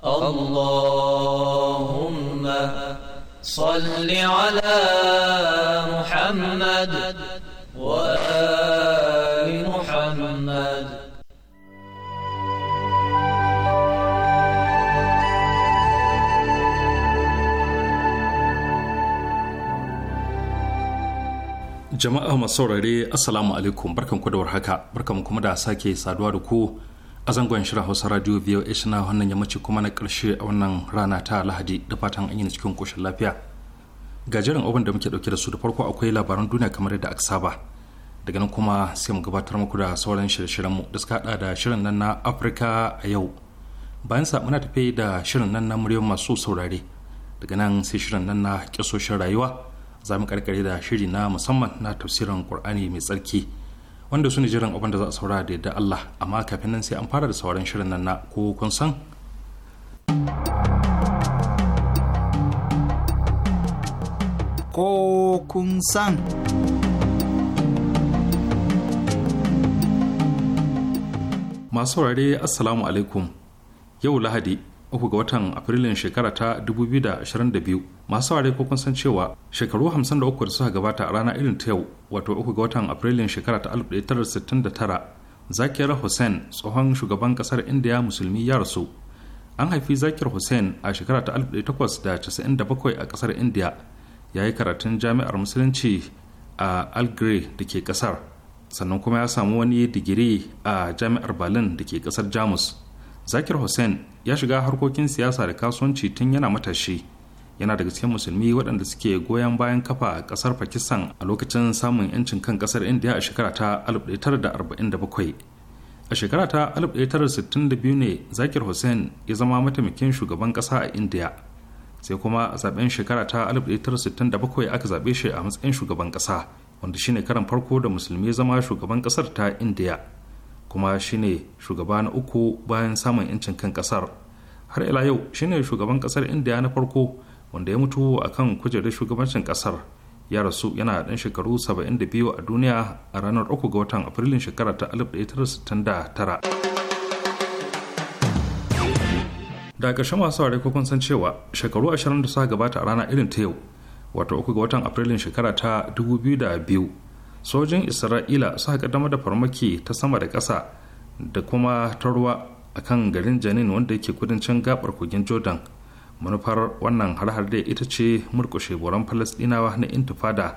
اللهم صل على محمد وآل محمد jama'a masu saurare assalamu alaikum barkan da warhaka barkan kuma da sake saduwa da ku a zangon shirin hausa radio voa suna wannan yammaci kuma na karshe a wannan rana ta lahadi da fatan an yi na cikin koshin lafiya ga jerin abin da muke dauke da su da farko akwai labaran duniya kamar yadda aka saba daga nan kuma sai mu gabatar muku da sauran shirye-shiryen mu da suka hada da shirin nan na afirka a yau bayan sa muna tafe da shirin nan na muryar masu saurare daga nan sai shirin nan na kyasoshin rayuwa za mu karkare da shiri na musamman na tafsirin qur'ani mai tsarki wanda su ne jiran abin da za a saura da yadda Allah amma kafin nan sai an fara da sauran shirin nan na ko kun san ko kun san masu saurare assalamu alaikum yau lahadi uku ga watan afrilun shekara ta 2022 masu ware ko kun san cewa shekaru 53 da suka gabata a rana irin ta yau wato uku ga watan afrilun shekara ta 1969 zakiyar hussein tsohon shugaban kasar indiya musulmi ya rasu an haifi zakiyar hussein a shekara ta 1897 a kasar indiya ya yi karatun jami'ar musulunci a algre da ke kasar sannan kuma ya samu wani digiri a jami'ar berlin da ke kasar jamus zakir hussein ya shiga harkokin siyasa da kasuwanci tun yana matashi yana daga cikin musulmi waɗanda suke goyon bayan kafa a ƙasar pakistan a lokacin samun 'yancin kan ƙasar india a shekara ta 1947 a shekara ta 1962 ne zakir hussein ya zama mataimakin shugaban ƙasa a india sai kuma a zaben shekara ta 1967 aka zaɓe shi a matsayin shugaban ƙasa wanda shine karan farko da musulmi zama shugaban ƙasar ta india kuma shine shugaba na uku bayan samun 'yancin kan kasar har ila yau shine shugaban kasar india na farko wanda ya mutu a kan kujerar shugabancin kasar ya rasu yana dan shekaru 72 a duniya a ranar 3 ga watan afrilun shekara ta 1969 da ƙarshen masu ware kun san cewa shekaru 20 da suka gabata a rana irin ta yau wato 3 ga watan afrilun shekara ta 2002 sojin isra'ila suka kaddamar da farmaki ta sama da ƙasa da kuma ta ruwa a kan garin janin wanda yake kudancin gabar kogin jordan manufar wannan har-har dai ita ce murkushe boran falasdinawa na intifada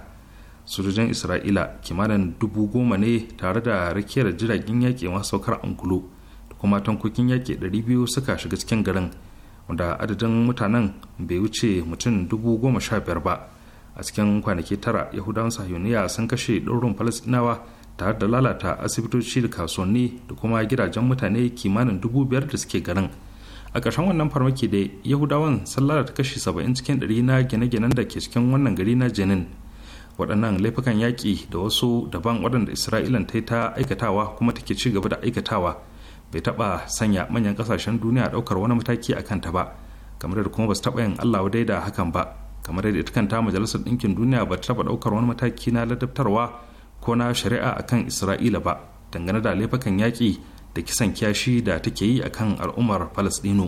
sojojin isra'ila kimanin dubu goma ne tare da rakiyar jiragen yaƙi masu saukar angulo da kuma tankokin yaƙi 200 suka shiga cikin garin wanda adadin mutanen bai wuce mutum dubu goma sha biyar ba a cikin kwanaki tara yahudawan sahiyoniya sun kashe ɗaurin falastinawa tare da lalata asibitoci da kasuwanni da kuma gidajen mutane kimanin dubu biyar da suke garin a ƙarshen wannan farmaki da yahudawan sun lalata kashi saba'in cikin ɗari na gine-ginen da ke cikin wannan gari na jenin waɗannan laifukan yaƙi da wasu daban waɗanda isra'ila ta ta aikatawa kuma take ci gaba da aikatawa bai taɓa sanya manyan ƙasashen duniya ɗaukar wani mataki a kanta ba kamar da kuma ba su taɓa yin allah wadai da hakan ba kamar yadda ita kanta majalisar ɗinkin duniya ba ta taɓa ɗaukar wani mataki na ladabtarwa ko na shari'a akan isra'ila ba dangane da laifukan yaƙi da kisan kiyashi da take yi akan al'ummar falastino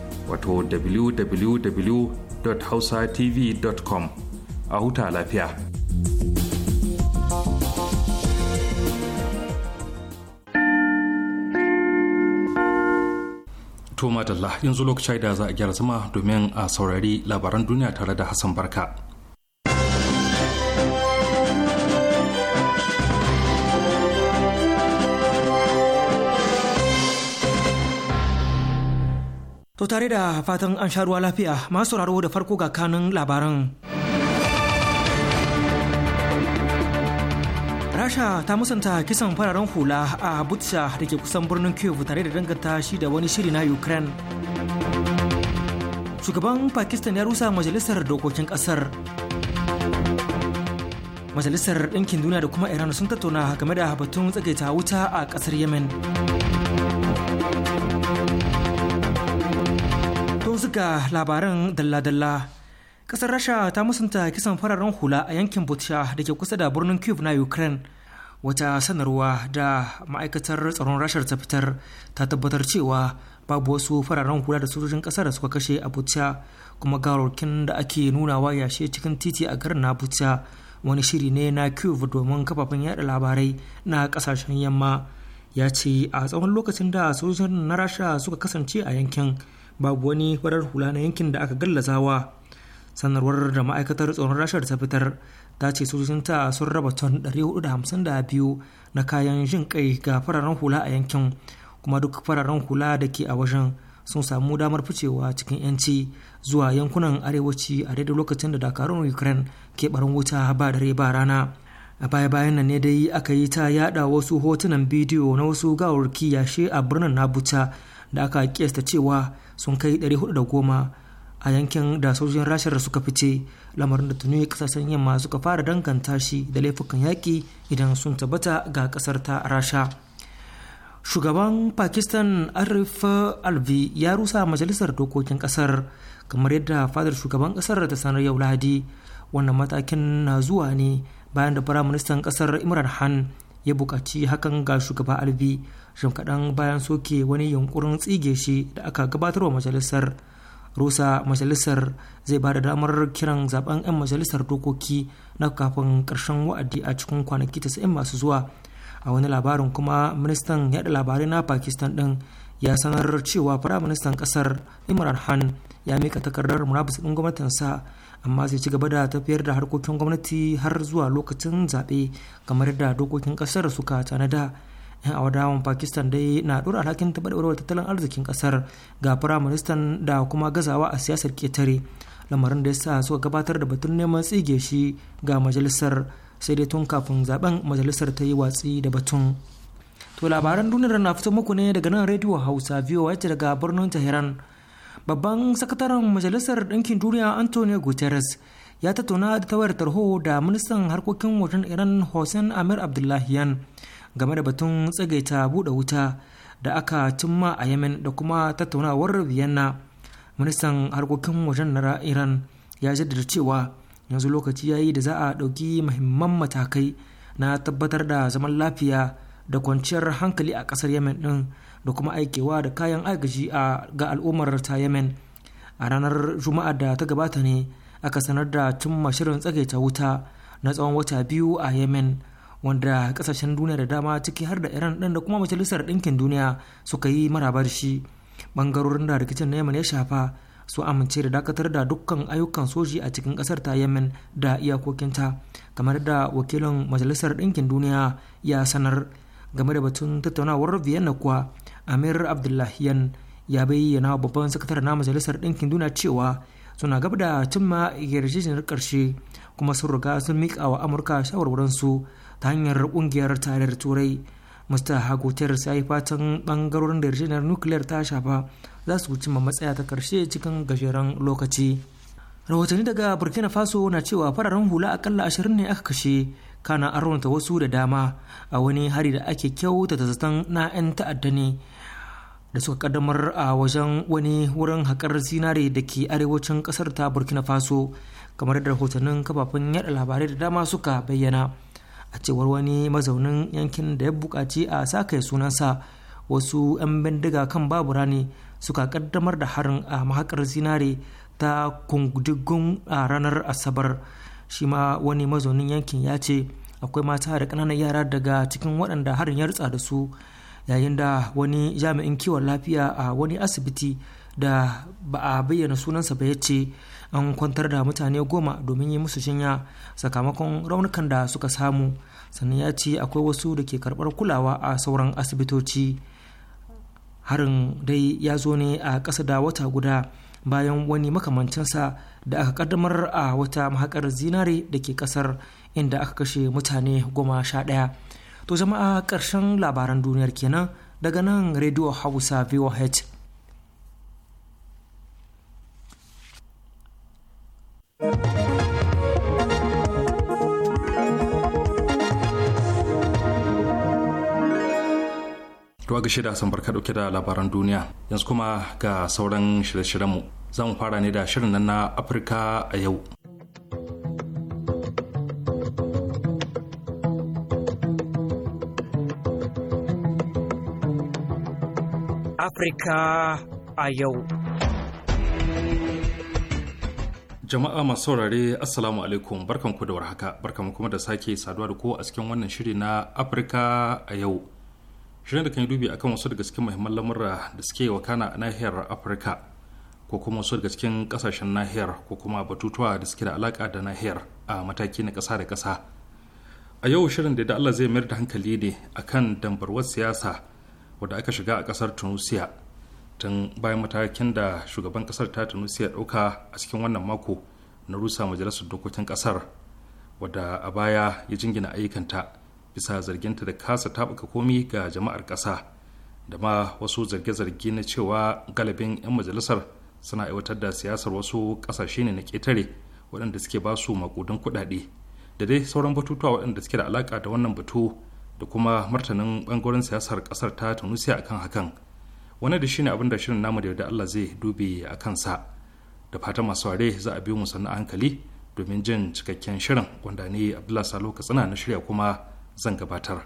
wato www.hausatv.com a huta lafiya. Toma Dalla yanzu lokacin da za a gyara zama domin a saurari labaran duniya tare da Hassan Barka. To tare da fatan an sha ruwa lafiya masu sauraro da farko ga kanun labaran. Rasha ta musanta kisan fararen hula a Butsha da ke kusan birnin Kyiv tare da danganta shi da wani shiri na Ukraine. Shugaban Pakistan ya rusa majalisar dokokin kasar. Majalisar ɗinkin duniya da kuma Iran sun tattauna game da batun tsagaita wuta a ƙasar Yemen. yanzu ga labaran dalla-dalla ƙasar rasha ta musanta kisan fararen hula a yankin butsha da ke kusa da birnin kyiv na ukraine wata sanarwa da ma'aikatar tsaron rashar ta fitar ta tabbatar cewa babu wasu fararen hula da sojojin kasar da suka kashe a butsha kuma garokin da ake nunawa yashe cikin titi a garin na butsha wani shiri ne na kyiv domin kafafen yada labarai na kasashen yamma ya ce a tsawon lokacin da sojojin na rasha suka kasance a yankin babu wani farar hula na yankin da aka gallazawa sanarwar da ma'aikatar tsoron rashar ta fitar ta ce sojojinta sun raba ton 452 na kayan jin kai ga fararen hula a yankin kuma duk fararen hula da ke a wajen sun samu damar ficewa cikin yanci zuwa yankunan arewaci a daidai lokacin da dakarun ukraine ke barin wuta ba dare ba rana a baya bayan nan ne dai aka yi ta yada wasu hotunan bidiyo na wasu gawarki yashe a birnin na nabuta da aka kiyasta cewa sun kai 410 a yankin da sojojin rashin suka fice lamarin da tuni kasashen yamma suka fara danganta shi da laifukan yaƙi idan sun tabbata ga ƙasar ta rasha shugaban pakistan arif alvi ya rusa majalisar dokokin ƙasar kamar yadda fadar shugaban ƙasar ta sanar yau lahadi wannan matakin na zuwa ne bayan da firaministan ƙasar imran khan ya buƙaci hakan ga shugaba albi jim kaɗan bayan soke wani yunkurin tsige shi da aka gabatar wa majalisar rusa majalisar zai ba da damar kiran zaben 'yan majalisar dokoki na kafin ƙarshen wa'adi a cikin kwanaki 90 masu zuwa a wani labarin kuma ministan yaɗa labarai na pakistan ɗin ya sanar cewa firaministan ƙasar imran khan ya mika takardar murabus din gwamnatin sa amma sai ci gaba da tafiyar da harkokin gwamnati har zuwa lokacin zaɓe kamar da dokokin kasar suka tanada yan awadawan pakistan dai na ɗora alhakin taɓarɓarwar tattalin arzikin ƙasar ga firaministan da kuma gazawa a siyasar ƙetare lamarin da ya sa suka gabatar da batun neman tsige shi ga majalisar sai dai tun kafin zaben majalisar ta yi watsi da batun to labaran duniyar na fito muku ne daga nan rediyo hausa voa daga birnin tehran babban sakataren majalisar ɗinkin duniya antonio guterres ya tattauna da tawayar tarho da ministan harkokin wajen iran hussein amir abdullahiyan game da batun tsagaita buɗe wuta da aka cimma a yemen da kuma tattaunawar vienna ministan harkokin wajen na iran ya jaddada cewa yanzu lokaci ya yi da za a ɗauki muhimman matakai na tabbatar da zaman lafiya da kwanciyar hankali a ƙasar yemen ɗin da kuma aikewa da kayan agaji ga al'ummar ta yemen a ranar juma'a da ta gabata ne aka sanar da cimma shirin tsagaita wuta na tsawon wata biyu a yemen wanda kasashen duniya da dama ciki har da iran ɗin da kuma majalisar ɗinkin duniya suka yi maraba shi bangarorin da rikicin na yemen ya shafa su amince da dakatar da dukkan ayyukan soji a cikin ƙasar ta yemen da iyakokinta kamar da wakilin majalisar ɗinkin duniya ya sanar game da batun tattaunawar vienna kuwa amir abdullahiyan ya bayyana babban sakatare na majalisar ɗinkin duna cewa suna gaba da cimma yarjejeniyar ƙarshe kuma sun riga sun miƙa wa amurka shawarwaransu ta hanyar ƙungiyar tarayyar turai mr hagotar ya yi fatan ɓangarorin da yarjejeniyar nukiliyar ta shafa za su cimma matsaya ta ƙarshe cikin gajeren lokaci rahotanni daga burkina faso na cewa fararen hula akalla ashirin ne aka kashe kana an wasu da dama a wani hari da ake kyauta kyautata zaton na 'yan ta'adda ne da suka kaddamar a wajen wani wurin haƙar zinare da ke arewacin ƙasar ta burkina faso kamar da rahotannin kafafen yada labarai da dama suka bayyana a cewar wani mazaunin yankin da ya buƙaci a saka sunansa wasu 'yan bindiga kan babura ne suka kaddamar da harin a mahaƙar zinare ta kungudugun a ranar asabar. shi ma wani mazaunin yankin ya ce akwai mata da ƙananan yara daga cikin waɗanda harin ya rutsa da su yayin da wani jami'in kiwon lafiya a wani asibiti da ba a bayyana sunansa ba ya ce an kwantar da mutane goma domin yi musu jinya sakamakon raunukan da suka samu sannan ya ce akwai wasu da ke karɓar kulawa a sauran asibitoci harin dai ya zo ne a ƙasa da wata guda bayan wani makamancinsa da aka kaddamar a wata mahakar zinare da ke kasar inda aka kashe mutane goma sha ɗaya to jama'a ƙarshen labaran duniyar kenan daga nan rediyo hausa voh thank you Dawa ga shida sun barka dauke da labaran duniya yanzu kuma ga sauran shirye-shiryenmu zan fara ne da shirin nan na Afirka a yau. Afirka a yau. Jama'a masu saurare Assalamu alaikum barkanku da warhaka barkanku kuma da sake saduwa da ku a cikin wannan shiri na Afirka a yau. shirin da kan yi dubi akan wasu daga cikin muhimman lamura da suke wakana a nahiyar afirka ko kuma wasu daga cikin kasashen nahiyar ko kuma batutuwa da suke da alaka da nahiyar a mataki na kasa da kasa a yau shirin da Allah zai mayar da hankali ne akan dambarwar siyasa wadda aka shiga a kasar tunisia tun bayan matakin da shugaban kasar ta tunisia ɗauka a cikin wannan mako na rusa majalisar dokokin kasar wadda a baya ya jingina ayyukanta bisa zarginta da kasa taɓuka komi ga jama'ar ƙasa da ma wasu zarge-zarge na cewa galibin 'yan majalisar suna aiwatar da siyasar wasu ƙasashe ne na ƙetare waɗanda suke ba su makudin kuɗaɗe da dai sauran batutuwa waɗanda suke da alaƙa da wannan batu da kuma martanin ɓangaren siyasar ƙasar ta tunisia akan hakan wani da shine abin da shirin namu da yarda allah zai dube a kansa da fata masu ware za a biyu mu hankali domin jin cikakken shirin wanda ne abdullahi salo katsina na shirya kuma zan gabatar.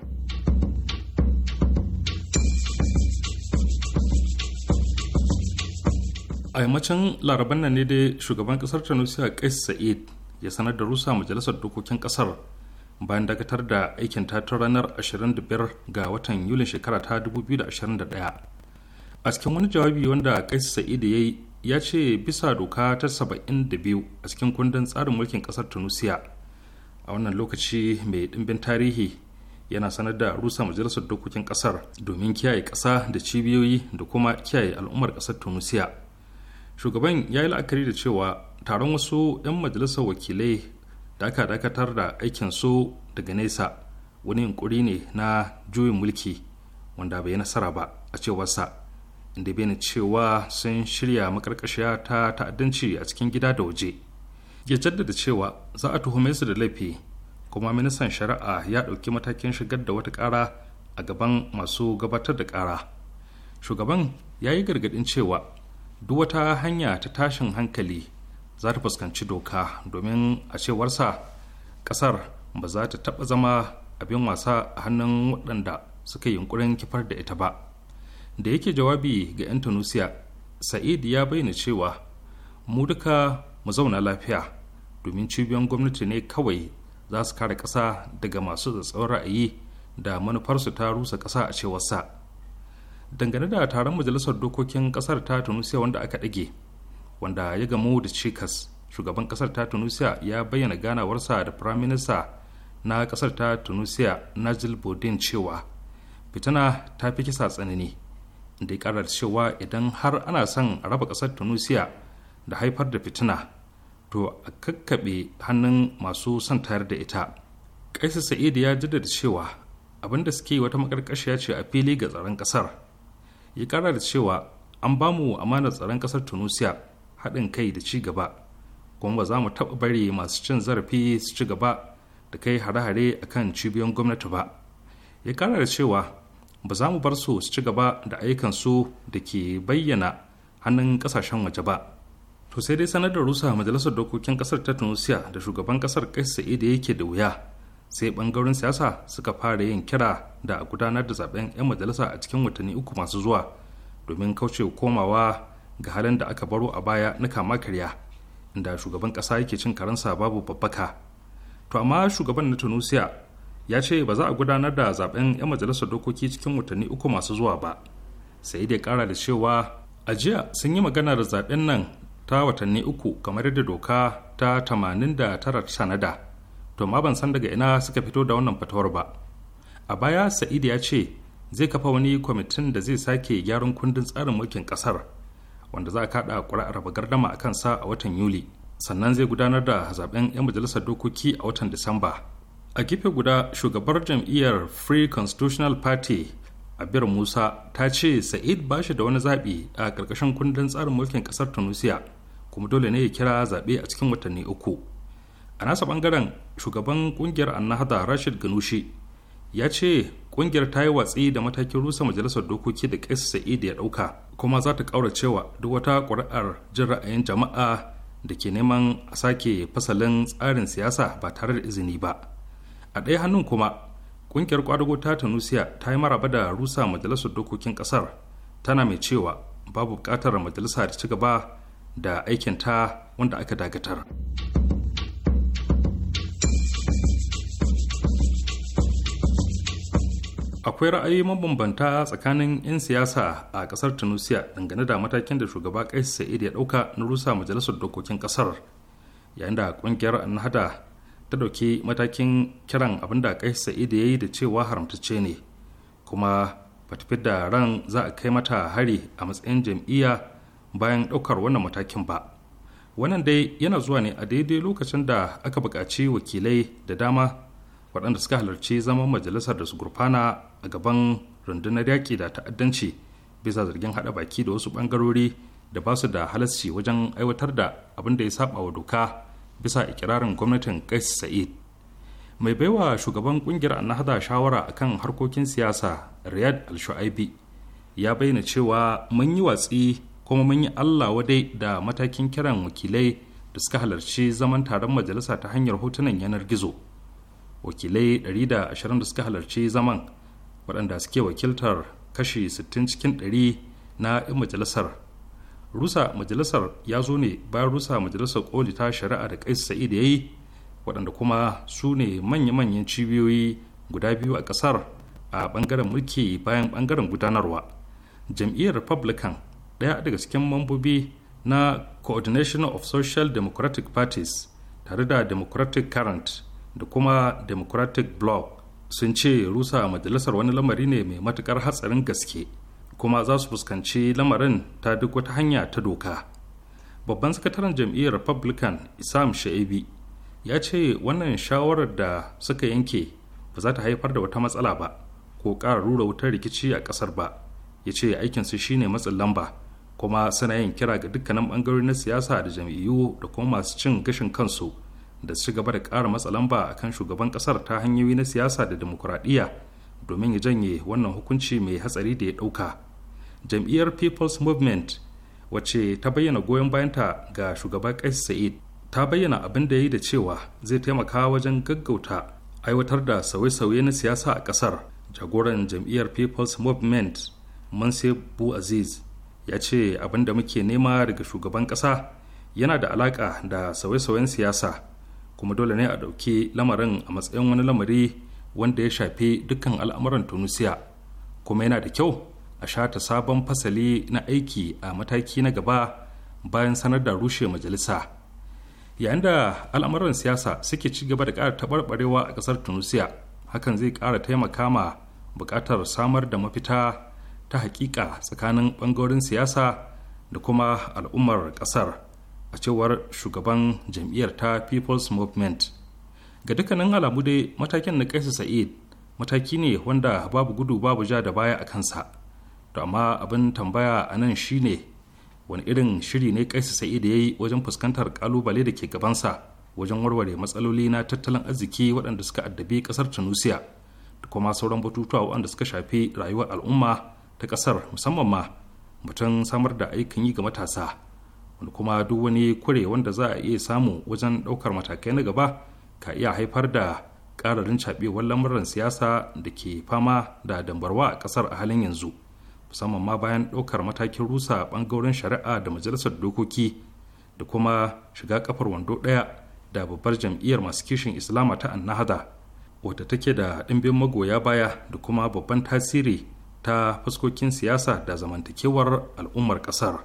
a yammacin laraban nan ne dai shugaban kasar tunisia qais sa'id ya sanar da rusa majalisar dokokin kasar bayan dakatar da aikin ta ta ranar 25 ga watan yulin shekara ta 2021 a cikin wani jawabi wanda qais sa'id ya yi ya ce bisa doka ta 72 a cikin kundin tsarin mulkin kasar tunisia a wannan lokaci mai dimbin tarihi yana sanar da rusa majalisar dokokin kasar domin kiyaye kasa da cibiyoyi da kuma kiyaye al'ummar kasar tunisia shugaban ya yi la'akari da cewa taron wasu 'yan majalisar wakilai da aka dakatar da aikin su daga nesa wani yunkuri ne na juyin mulki wanda bai nasara ba a cewarsa inda bai cewa sun shirya makarkashiya ta ta'addanci a cikin gida da waje ya jaddada cewa za a tuhume su da laifi kuma ministan shari'a ya ɗauki matakin shigar da wata ƙara a gaban masu gabatar da ƙara shugaban ya yi gargaɗin cewa duk wata hanya ta tashin hankali za ta fuskanci doka domin a cewarsa ƙasar ba za ta taɓa zama abin wasa a hannun waɗanda suka yunkurin kifar da ita ba da yake jawabi ga 'yan tunisia sa'id ya bayyana cewa mu duka mu zauna lafiya domin cibiyar gwamnati ne kawai za su kare ƙasa daga masu tsawon ra'ayi da manufarsu ta rusa ƙasa a cewarsa dangane da taron majalisar dokokin ƙasar ta tunisia wanda aka ɗage wanda ya gamu da cikas shugaban ƙasar ta tunisia ya bayyana ganawarsa da firaminista na ƙasar ta tunisia najil bodin cewa fitina ta fi kisa tsanani da ya cewa idan har ana son a raba ƙasar tunisia da haifar da fitina to a kakkaɓe hannun masu son tayar da ita kaisa sa'idu ya jaddada cewa abin da suke wata makarkashiya ce a fili ga tsaron ƙasar ya ƙara da cewa an ba mu amanar tsaron ƙasar tunisia haɗin kai da ci gaba kuma ba za mu taɓa bari masu cin zarafi su ci gaba da kai hare-hare a kan cibiyoyin gwamnati ba ya ƙara da cewa ba za mu bar su su ci gaba da ayyukansu da ke bayyana hannun ƙasashen waje ba to sai dai sanar da rusa majalisar dokokin kasar ta tunisia da shugaban kasar sa'i sa'ida yake da wuya sai bangaren siyasa suka fara yin kira da a gudanar da zaben 'yan majalisa a cikin watanni uku masu zuwa domin kauce komawa ga halin da aka baro a baya na kama karya inda shugaban kasa yake cin karansa babu babbaka to amma shugaban na tunisia ya ce ba za a gudanar da zaben 'yan majalisar dokoki cikin watanni uku masu zuwa ba sai dai kara da cewa a jiya sun yi magana da zaben nan ta watanni uku kamar yadda doka ta 89 ta sanada to ma ban san daga ina suka fito da wannan fatawar ba a baya sa'id ya ce zai kafa wani kwamitin da zai sake gyaran kundin tsarin mulkin kasar wanda za a kada kuri'ar gardama a kansa a watan yuli sannan zai gudanar da zaben 'yan majalisar dokoki a watan disamba a gefe guda shugabar jam'iyyar free constitutional party abir musa ta ce sa'id ba shi da wani zaɓi a ƙarƙashin kundin tsarin mulkin ƙasar tunisia kuma dole ne ya kira zaɓe a cikin watanni uku a nasa ɓangaren shugaban ƙungiyar annahda rashid ganushi ya ce ƙungiyar ta yi watsi da matakin rusa majalisar dokoki da ƙasa sa'id ya ɗauka kuma za ta ƙaura cewa duk wata ƙuri'ar jin ra'ayin jama'a da ke neman a sake fasalin tsarin siyasa ba tare da izini ba a ɗaya hannun kuma ƙungiyar ƙwadago ta tunusiya ta yi maraba da rusa majalisar dokokin ƙasar tana mai cewa babu buƙatar majalisa da ci gaba da aikinta wanda aka dakatar. akwai ra'ayi mabambanta tsakanin 'yan siyasa a kasar tunisia dangane da matakin da shugaba kais sa'id ya dauka na rusa majalisar dokokin kasar yayin da kungiyar annahada ta dauki matakin kiran abin da kais sa'id ya yi da cewa haramtacce ne kuma ba da ran za a kai mata hari a matsayin jam'iyya bayan ɗaukar wannan matakin ba wannan dai yana zuwa ne a daidai lokacin da aka buƙaci wakilai da dama waɗanda suka halarci zaman majalisar da su gurfana a gaban rundunar yaƙi da ta'addanci bisa zargin haɗa baki da wasu ɓangarori da ba su da halasci wajen aiwatar da abin da ya saba wa doka bisa ikirarin gwamnatin kais sa'id mai baiwa shugaban ƙungiyar annahda shawara akan harkokin siyasa riyad al-shu'aibi ya bayyana cewa mun yi watsi kuma mun yi allah wadai da matakin kiran wakilai da suka halarci zaman taron majalisa ta hanyar hotunan yanar gizo wakilai 120 da suka halarci zaman waɗanda suke wakiltar kashi 60 cikin 100 na 'yan majalisar rusa majalisar ya zo ne bayan rusa majalisar koli ta shari'a da kais sa'id ya yi waɗanda kuma su ne manya-manyan cibiyoyi guda biyu a ƙasar a ɓangaren mulki bayan ɓangaren gudanarwa jam'iyyar republican ɗaya daga cikin mambobi na coordination of social democratic parties tare da democratic current da kuma democratic bloc sun ce rusa majalisar wani lamari ne mai matukar hatsarin gaske kuma za su fuskanci lamarin ta duk wata hanya ta doka babban sakataren jam'iyyar republican isam sha'ibi ya ce wannan shawarar da suka yanke ba za ta haifar da wata matsala ba ko ƙara rura wutar rikici a ƙasar ba ya ce aikinsu shine matsin lamba kuma suna yin kira ga dukkanin bangarori na siyasa da jam'iyyu da kuma masu cin gashin kansu da su gaba da ƙara matsa lamba a kan shugaban ƙasar ta hanyoyi na siyasa da demokuraɗiyya domin ya janye wannan hukunci mai hatsari da ya ɗauka jam'iyyar people's movement wace ta bayyana goyon bayanta ga shugaban kais sa'id ta bayyana abin da ya yi da cewa zai taimaka wajen gaggauta aiwatar da sauye-sauye na siyasa a ƙasar jagoran jam'iyyar people's movement mansur bu aziz ya ce abin da muke nema daga shugaban ƙasa yana da alaƙa da sauye-sauyen siyasa kuma dole ne a ɗauki lamarin a matsayin wani lamari wanda ya shafi dukkan al'amuran tunisia kuma yana da kyau a shata sabon fasali na aiki a mataki na gaba bayan sanar da rushe majalisa yayin da al'amuran siyasa suke ci gaba da ƙara taɓarɓarewa a ƙasar tunisia hakan zai ƙara taimaka ma buƙatar samar da mafita ta hakika tsakanin bangarorin siyasa da kuma al'ummar kasar a cewar shugaban jam'iyyar ta people's movement ga dukkanin alamu dai matakin na kaisa sa'id mataki ne wanda babu gudu babu ja da baya a kansa to amma abin tambaya a nan shine wani irin shiri ne kaisa sa'id ya yi wajen fuskantar kalubale da ke gabansa wajen warware matsaloli na tattalin arziki waɗanda suka addabi ƙasar tunisia da kuma sauran batutuwa waɗanda suka shafi rayuwar al'umma ta ƙasar musamman ma mutum samar da aikin yi ga matasa wani kuma duk wani kure wanda za a iya samu wajen ɗaukar matakai na gaba ka iya haifar da ƙararin caɓewar lamuran siyasa da ke fama da dambarwa a ƙasar a halin yanzu musamman ma bayan ɗaukar matakin rusa ɓangaren shari'a da majalisar dokoki da kuma shiga kafar wando ɗaya da babbar jam'iyyar masu kishin islama ta annahada wata take da ɗimbin magoya baya da kuma babban tasiri ta fuskokin siyasa da zamantakewar al'ummar ƙasar.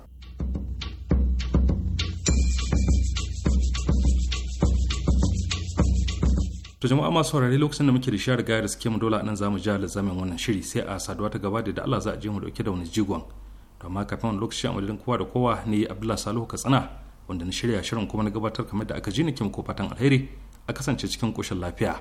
To jama'a masu saurare lokacin da muke da shi riga da suke mu dole nan zamu ja alzamin wannan shiri sai a saduwa ta gaba da Allah za a je mu dauke da wani jigon. To amma kafin wani lokaci a madadin kowa da kowa ne Abdullah Salihu Katsina wanda na shirya shirin kuma na gabatar kamar da aka ji ni ke ko fatan alheri a kasance cikin koshin lafiya.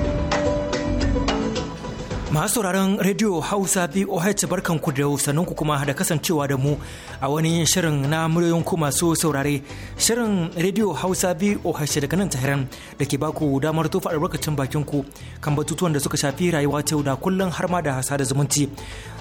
Masu sauraron Radio Hausa BOH barkanku da sanunku kuma da kasancewa da mu a wani shirin na muryoyin ku masu saurare. Shirin Radio Hausa bi BOH daga nan Tahiran da ke baku damar tofa albarkacin bakin ku kan batutuwan da suka shafi rayuwa ta yau da kullum har ma da hasa da zumunci.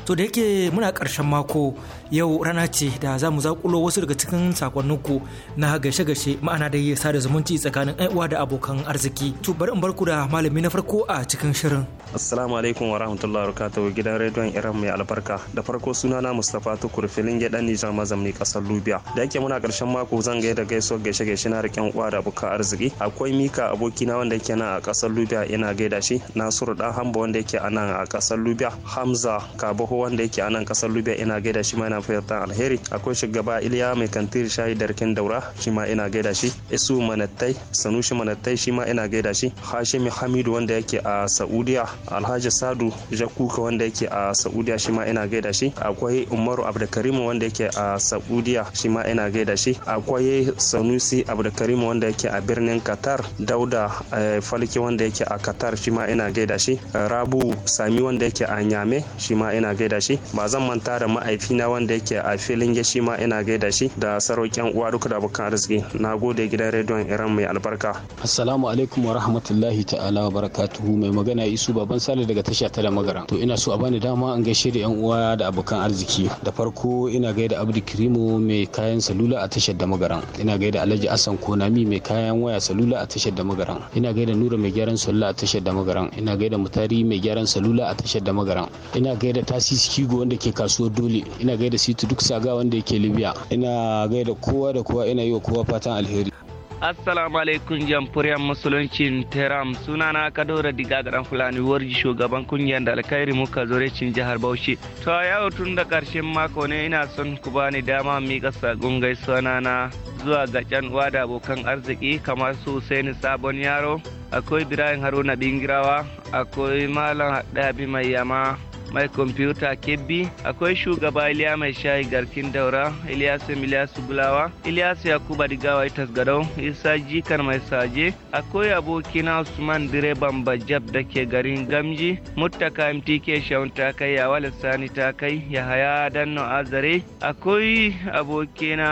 To da yake muna karshen mako yau rana ce da za mu zakulo wasu daga cikin sakonninku na gashe-gashe ma'ana da yi sada zumunci tsakanin uwa da abokan arziki. To bari in barku da malami na farko a cikin shirin. Assalamu alaikum wa rahmatullahi barakatuhu gidan rediyon Iran mai albarka da farko sunana Mustapha Tukur filin ya dan Nijar mazamni kasar lubiya da yake muna karshen mako zan gaida da gaisuwar gaishe gaishe na riken uwa da abokan arziki akwai Mika abokina wanda yake nan a kasar lubiya ina gaida shi Nasiru dan Hamba wanda yake a nan a kasar lubiya Hamza Kabaho wanda yake a nan kasar lubiya ina gaida shi ma ina fayyata alheri akwai shugaba Iliya mai kantir shayi da riken daura shi ma ina gaida shi Isu Manattai Sanushi Manattai shi ma ina gaida shi Hashimi Hamidu wanda yake a Saudiya Alhaji Sadu jakuka wanda yake a saudiya shi ma ina gaida shi akwai umaru abdulkarim wanda yake a saudiya shi ma ina gaida shi akwai sanusi abdulkarim wanda yake a birnin qatar dauda eh, falki wanda yake a qatar shi ma ina gaida shi rabu sami wanda yake a nyame shi ma ina gaida shi ba zan manta da ma'aifina wanda yake a filin shi ma ina gaida shi da sarokin uwa duka da abokan arziki na gode gidan rediyon iran mai albarka assalamu alaikum wa rahmatullahi ta'ala wa barakatuhu mai magana isu baban sale daga tasha ta da to ina so a bani dama in gaishe da yan uwa da abokan arziki da farko ina gaida abdu kirimu mai kayan salula a tashar da magaran ina gaida alhaji asan konami mai kayan waya salula a tashar da magaran ina gaida nura mai gyaran salula a tashar da magaran ina gaida mutari mai gyaran salula a tashar da magaran ina gaida tasisi kigo wanda ke kasuwar dole ina gaida situ duk saga wanda yake libya ina gaida kowa da kowa ina yi wa kowa fatan alheri assalamu alaikum jamhuriyar musuluncin teram sunana kadora diga ga ɗan fulani warji shugaban kungiyar da alkhairi muka zore cin jihar bauchi to yau tun da karshen mako ne ina son ku bani dama miƙa saƙon gaisuwa na zuwa ga can uwa da abokan arziki kamar su Husaini sabon yaro akwai ibrahim haruna bingirawa akwai malam haɗabi mai yama mai kwamfuta kebbi akwai shugaba iliya mai shayi garkin daura iliyasu miliyasu bulawa iliyasu yakuba digawa itas gadau isa jikar mai saje akwai abokina usman direban bajab da ke garin gamji muttaka mtk shawun ta kai yawa sani ta kai yahaya danno azare akwai abokina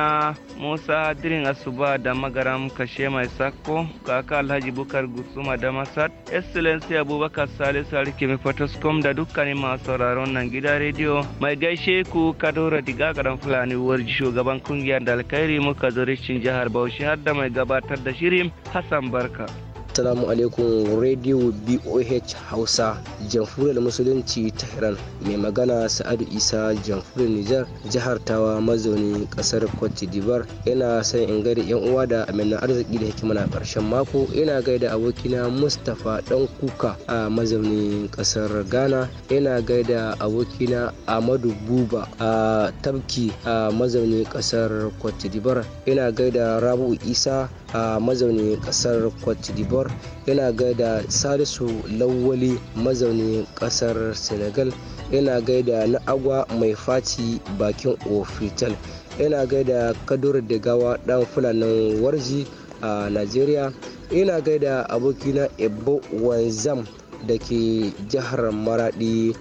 musa hadirin asuba da magaram kashe mai sakko kaka alhaji bukar gusuma da masar excellency abubakar salisu arikimi fotoscom da dukkanin masu sauraron nan gida rediyo mai gaishe ku kadora diga karan fulani warji shugaban kungiyar da alkhairi muka zuricin jihar bauchi har da mai gabatar da shirin hassan barka Assalamu alaikum Radio BOH Hausa Jamhuriyar Musulunci Tehran mai magana Sa'adu Isa Jamhuriyar Nijar jihar Tawa mazaunin kasar Cote d'Ivoire yana son in gaida yan uwa da amina arziki da hikima na karshen mako yana gaida abokina Mustapha Dan Kuka a mazaunin kasar Ghana yana gaida abokina Amadu Buba a Tabki a mazaunin kasar Cote d'Ivoire yana gaida Rabu Isa a mazaunin kasar Cote d'Ivoire cewar yana gaida salisu lawali mazaunin kasar senegal yana gaida na agwa mai faci bakin ofital yana gaida kadur da gawa dan fulanin warji a nigeria yana gaida abokina ebo wanzam da ke jihar maradi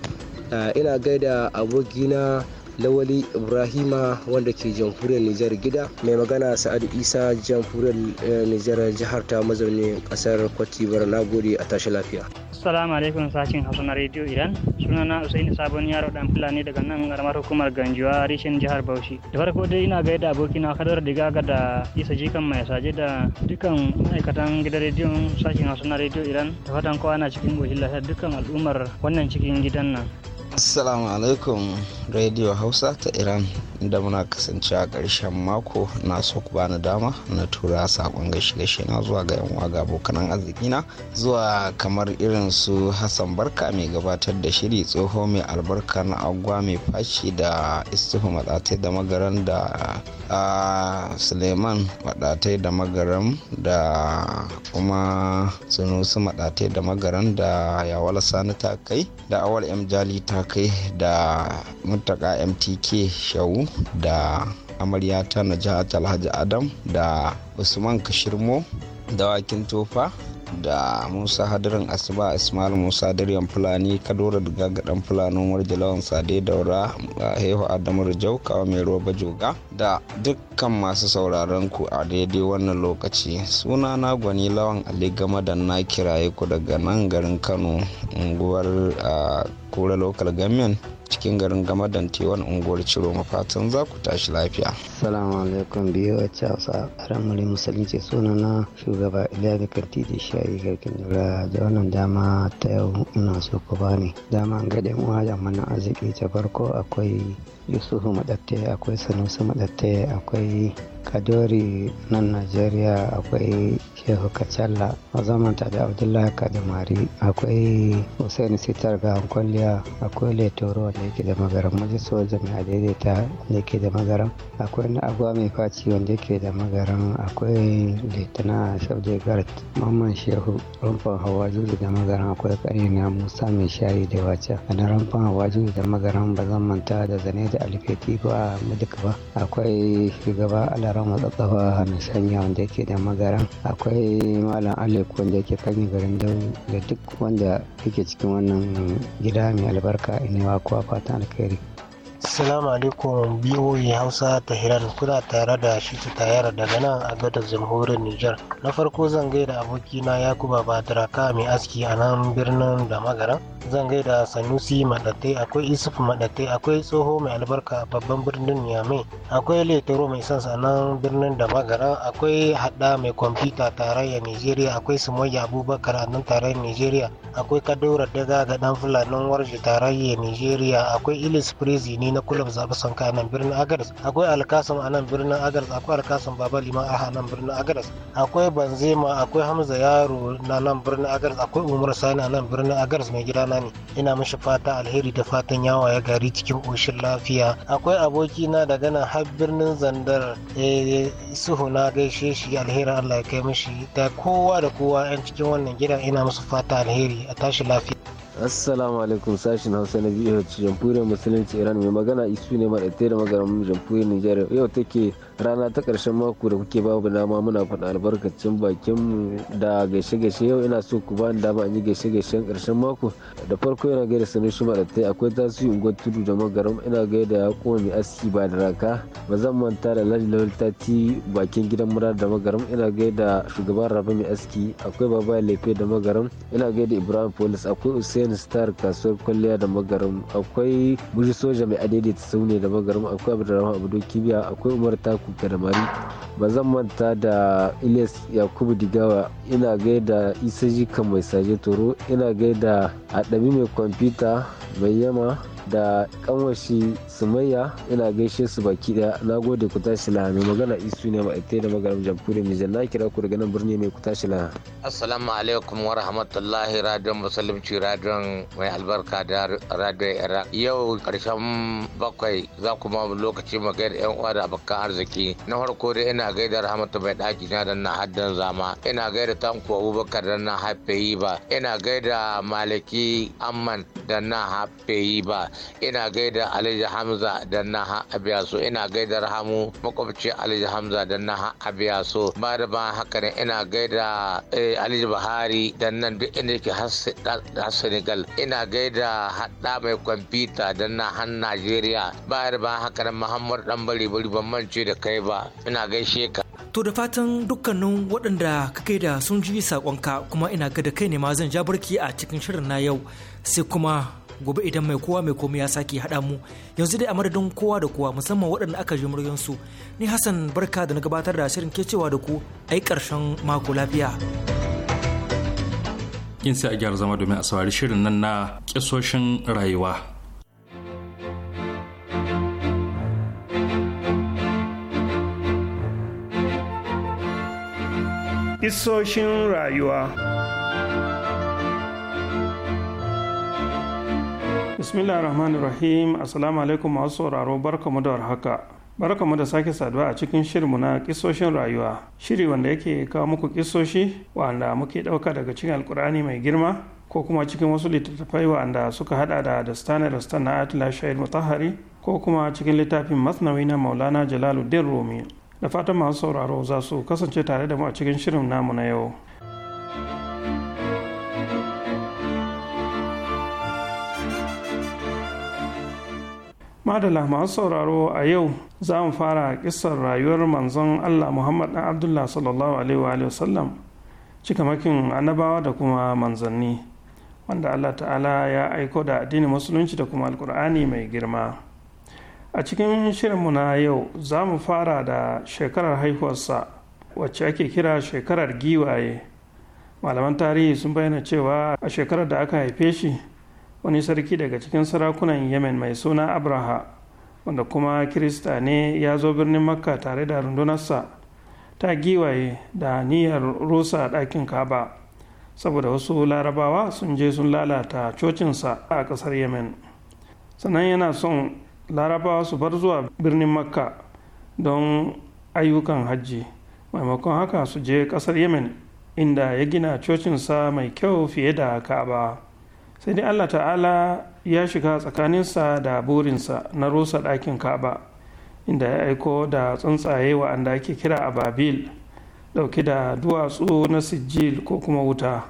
ina gaida abokina lawali ibrahima wanda ke jamhuriyar nijar gida mai magana sa'adu isa jamhuriyar eh, nijar jihar ta mazaunin kasar kwatibar na gode a tashi lafiya assalamu alaikum sashin hausa na rediyo iran sunana usaini sabon yaro dan fulani daga nan karamar hukumar ganjuwa rishin jihar bauchi da farko dai ina gaida abokina kadar ga da isa jikan mai saje da dukkan ma'aikatan gidan rediyon sashin hausa na rediyo iran da fatan kowa na cikin goshin lafiya dukkan al'ummar wannan cikin gidan nan Assalamu alaikum Radio Hausa ta Iran inda muna kasance a ƙarshen mako na so ku bani dama na tura saƙon gaishe-gaishe na zuwa ga yan waga abokanan arzikina zuwa kamar irin su Hassan Barka mai gabatar da shiri tsoho mai albarka na agwa mai fashi da Istifa Matsatai da Magaran da Suleiman Matsatai da Magaran da kuma Sunusu Matsatai da Magaran da Yawala Sani ta kai da Awal M Jali ta kai da mutaka mtk shawu da amarya amaryata jihar alhaji adam da usman kashirmo dawakin tofa da musa hadirin asuba ismail musa diryan fulani kadora da gagadan fulanin jalawan sade daura a haihu adamu rijau kawo mai ruwa joga da dukkan masu sauraron ku a daidai wannan lokaci suna na gwani lawan ali game da na kiraye ku daga nan garin kano unguwar ah, kura local government cikin garin gamadan tewan unguwar ciro mafatan za ku tashi lafiya salamu alaikum biyu a casa ramuri musulunci suna na shugaba ila da karti da shayi garkin lura da wannan dama ta yau ina so ku ba ni. dama ga mu uwa da mana arziki ta farko akwai yusufu maɗatte akwai sanusa maɗatte akwai kadori nan najeriya akwai shehu kacalla mazamanta da abdullahi kadamari akwai hussein sitar ga kwalliya akwai letoro wanda yake da magaram majalisar wajen mai adaidaita wanda yake da magaram akwai na agwa mai faci wanda yake da magaram akwai Litina shabda gart mamman shehu rumfan hawa juji da magaram akwai karina musa mai shayi da wace a na rumfan hawa juji da magaram ba zan manta da zane da alfeti ba mu ba akwai shugaba alar taron matsatsafa hamisanya wanda yake da magaran akwai malam aleku wanda yake kan garin dau da duk wanda yake cikin wannan gida mai albarka inewa kuwa fatan alkhairi Assalamu alaikum BOA Hausa ta Tahiran kuna tare da shi tayar daga nan a gadar jamhuriyar Nijar. Na farko zan gaida abokina Yakuba Badraka mai aski a nan birnin da magaran. Zan gaida Sanusi Madatai akwai Isuf Madatai akwai Tsoho mai albarka a babban birnin Niamey. Akwai Letoro mai sans a nan birnin da magaran akwai Hada mai kwamfuta tarayyar Nijeriya akwai Sumayya Abubakar a nan tarayyar Nijeriya akwai Kadura Daga ga ɗan Fulanin Warji tarayyar Nijeriya akwai Ilis Prezi ni na kulub zaɓi sanka a nan birnin agadas akwai alkasam a nan birnin agadas akwai alkasam baba liman aha nan birnin agadas akwai banzema akwai hamza yaro na nan birnin agadas akwai umar sani a nan birnin agars mai gidana ne ina mishi fata alheri da fatan yawa ya gari cikin ƙoshin lafiya akwai aboki na daga nan har birnin zandar eh, suhu na gaishe shi alherin allah ya kai mishi da kowa da kowa 'yan cikin wannan gidan ina musu fata alheri a tashi lafiya assalamu alaikum sashin hausa na biyu jamhuriyar musulunci iran mai magana isu ne maɗaite da magaran jamhuriyar nigeria yau take rana ta karshen mako da kuke babu dama muna faɗa albarkacin bakinmu da gaishe-gaishe yau ina so ku bani dama in yi gaishe-gaishen ƙarshen mako da farko yana gaida shi maɗattai akwai yi unguwar tudu da magaram ina gaida ya kuma mai aski ba da raka ba zan manta da ladi ti bakin gidan murar da magaram ina gaida shugaban rabe mai aski akwai baba lefe da magaram ina gaida ibrahim polis akwai usain star kasuwar kwalliya da magaram akwai buji soja mai adaidaita ne da magaram akwai abu da abu abdu kibiya akwai umar taku karmari ba zan manta da ilyas yakubu digawa ina gaida isa jika mai saje toro ina gaida haɗabi mai kwamfuta mai yama da kanwashi sumayya ina gaishe su baki daya na gode ku tashi laha mai magana isu ne ma'aikai da magana jamhuriyar nijar na kira ku daga nan birni ne ku tashi laha assalamu alaikum wa rahmatullahi radiyon musulunci radiyon mai albarka da radiyon iraq yau karshen bakwai za ku ma lokaci mu gaida yan uwa da abokan arziki na farko dai ina gaida rahmatu mai daki na dan na haddan zama ina gaida tanko abubakar dan na haife ba ina gaida maliki amman dan na haife ba ina gaida alhaji hamza dan na abiya so ina gaida rahamu makwabci alhaji hamza dan na abiya so ba da ba haka ne ina gaida eh, alhaji buhari dan nan duk inda yake har senegal ina gaida hada mai kwamfuta dan na han najeriya ba da ba haka ne muhammad dan bari bari ban mance da kai ba ina gaishe ka to da fatan dukkanin waɗanda ka kai da sun ji saƙonka kuma ina ga da kai ne ma zan ja barki a cikin shirin na yau sai kuma gobe idan mai kowa mai komai ya sake haɗa mu yanzu dai a madadin kowa da kowa musamman waɗanda aka ji muryansu ni hassan barka da na gabatar da shirin cewa da ku a yi ƙarshen mako lafiya kin sai a gyara zama domin a saurari shirin nan na ƙisoshin rayuwa Isoshin rayuwa bismillah rahman rahim assalamu alaikum masu sauraro mu da warhaka mu da sake saduwa a cikin shirinmu na kisoshin rayuwa shiri wanda yake kawo muku kisoshi wanda muke dauka daga cikin alkur'ani mai girma ko kuma cikin wasu littattafai wanda suka hada da dastane dastan na atila shahid mutahari ko kuma cikin littafin masnawi na maulana jalaluddin rumi da fatan masu sauraro za su kasance tare da mu a cikin shirin namu na yau madala masu sauraro a yau za mu fara kisar rayuwar manzon allah muhammad dan abdullah sallallahu alaihi wa sallam cikamakin annabawa da kuma manzanni wanda allah ta'ala ya aiko da addinin musulunci da kuma alkur'ani mai girma a cikin shirinmu na yau za mu fara da shekarar haihuwarsa wacce ake kira shekarar giwaye malaman tarihi sun bayyana cewa a shekarar da aka haife shi wani sarki daga cikin sarakunan yemen mai suna abraha wanda kuma kirista ne ya zo birnin makka tare da rundunarsa ta giwaye da niyyar rusa ɗakin kaba saboda wasu larabawa sun je sun lalata cocinsa a ƙasar yemen sannan yana son larabawa su bar zuwa birnin makka don ayyukan hajji maimakon haka su je ƙasar yemen inda ya gina cocinsa mai kyau fiye da ka'aba. sai dai allah ta'ala ya shiga tsakaninsa da burinsa na rusa ɗakin kaba inda ya aiko da tsuntsaye wa'anda ake kira a babil ɗauke da duwatsu na sijil ko kuma wuta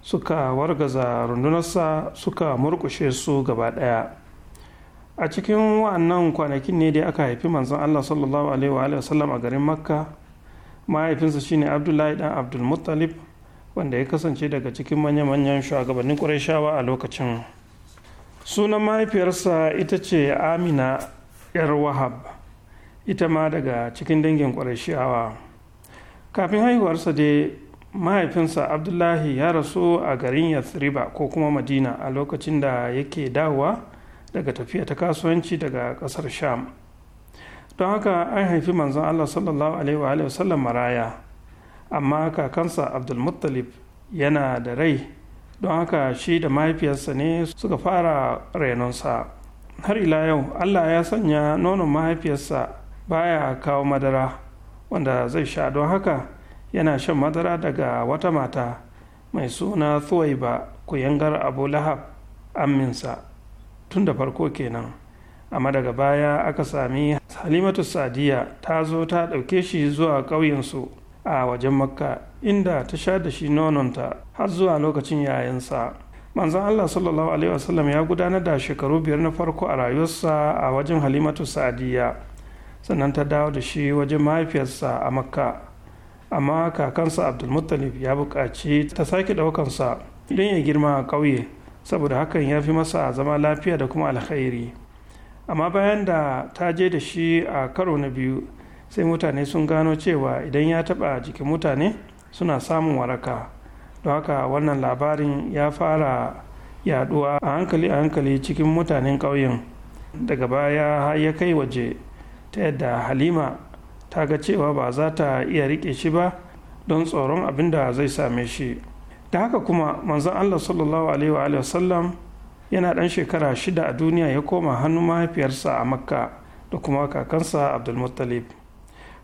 suka wargaza rundunarsa suka murkushe su gaba ɗaya a cikin wannan kwanakin ne dai aka haifi manzon allah sallallahu alaihi wa sallam a garin makka mahaifinsa shine abdullahi dan abdulmuttalib wanda ya kasance daga cikin manya-manyan shugabannin ƙurashawa a lokacin sunan mahaifiyarsa ita ce amina yar wahab ita ma daga cikin dangin ƙurashawa kafin haihuwarsa dai mahaifinsa abdullahi ya rasu a garin yathriba ko kuma madina a lokacin da yake dawowa daga tafiya ta kasuwanci daga ƙasar sham don haka an haifi manzon allah sallallahu alaihi wa sallam maraya amma kakansa abdulmuttalib yana da rai don haka shi da mahaifiyarsa ne suka fara renonsa har ila yau allah ya sanya nonon mahaifiyarsa baya kawo madara wanda zai sha don haka yana shan madara daga wata mata mai suna ku yangar abu lahab aminsa tun da farko kenan amma daga baya aka sami halimatu sadiya ta zo ta ɗauke shi zuwa ƙauyensu a wajen makka inda ta sha da shi nononta har zuwa lokacin yayansa manzon allah sallallahu alaihi wasallam ya gudanar da shekaru biyar na farko a rayuwarsa a wajen halimatu sa'adiyya sannan ta dawo da shi wajen mahaifiyarsa a makka amma kakansa abdulmuttalib ya buƙaci ta sake ɗaukansa don ya girma a ƙauye saboda hakan ya fi masa zama lafiya da kuma alkhairi amma bayan da ta je da shi a karo na biyu sai mutane sun gano cewa idan ya taɓa jikin mutane suna samun waraka don haka wannan labarin ya fara yaduwa a hankali a hankali cikin mutanen ƙauyen daga baya ya kai waje ta yadda halima ta ga cewa ba za ta iya rike shi ba don tsoron abin da zai same shi da haka kuma manzon allah sallallahu alaihi wasallam yana ɗan shekara shida a duniya ya koma hannun mahaifiyarsa a makka da kuma kakansa abdulmuttalib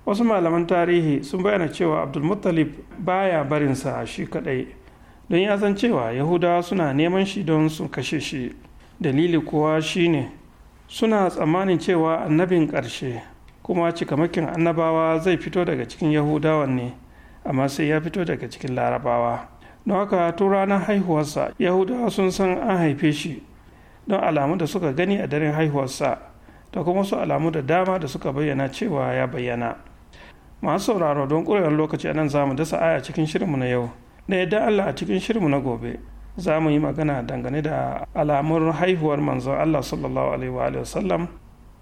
wasu malaman tarihi sun bayyana cewa abdulmuttalib baya barinsa shi kadai don ya san cewa yahudawa suna neman shi don su kashe shi dalili kuwa shine suna tsammanin cewa annabin ƙarshe kuma cikamakin annabawa zai fito daga cikin yahudawan ne amma sai ya fito daga cikin larabawa don haka tun ranar haihuwarsa yahudawa sun san an haife shi don alamu da suka gani a daren haihuwarsa da kuma wasu alamu da dama da suka bayyana cewa ya bayyana masu sauraro don ƙurewar lokaci a nan za mu dasa aya cikin shirinmu na yau da yadda allah a cikin shirinmu na gobe za mu yi magana dangane da alamun haihuwar manzon allah sallallahu alaihi wa sallam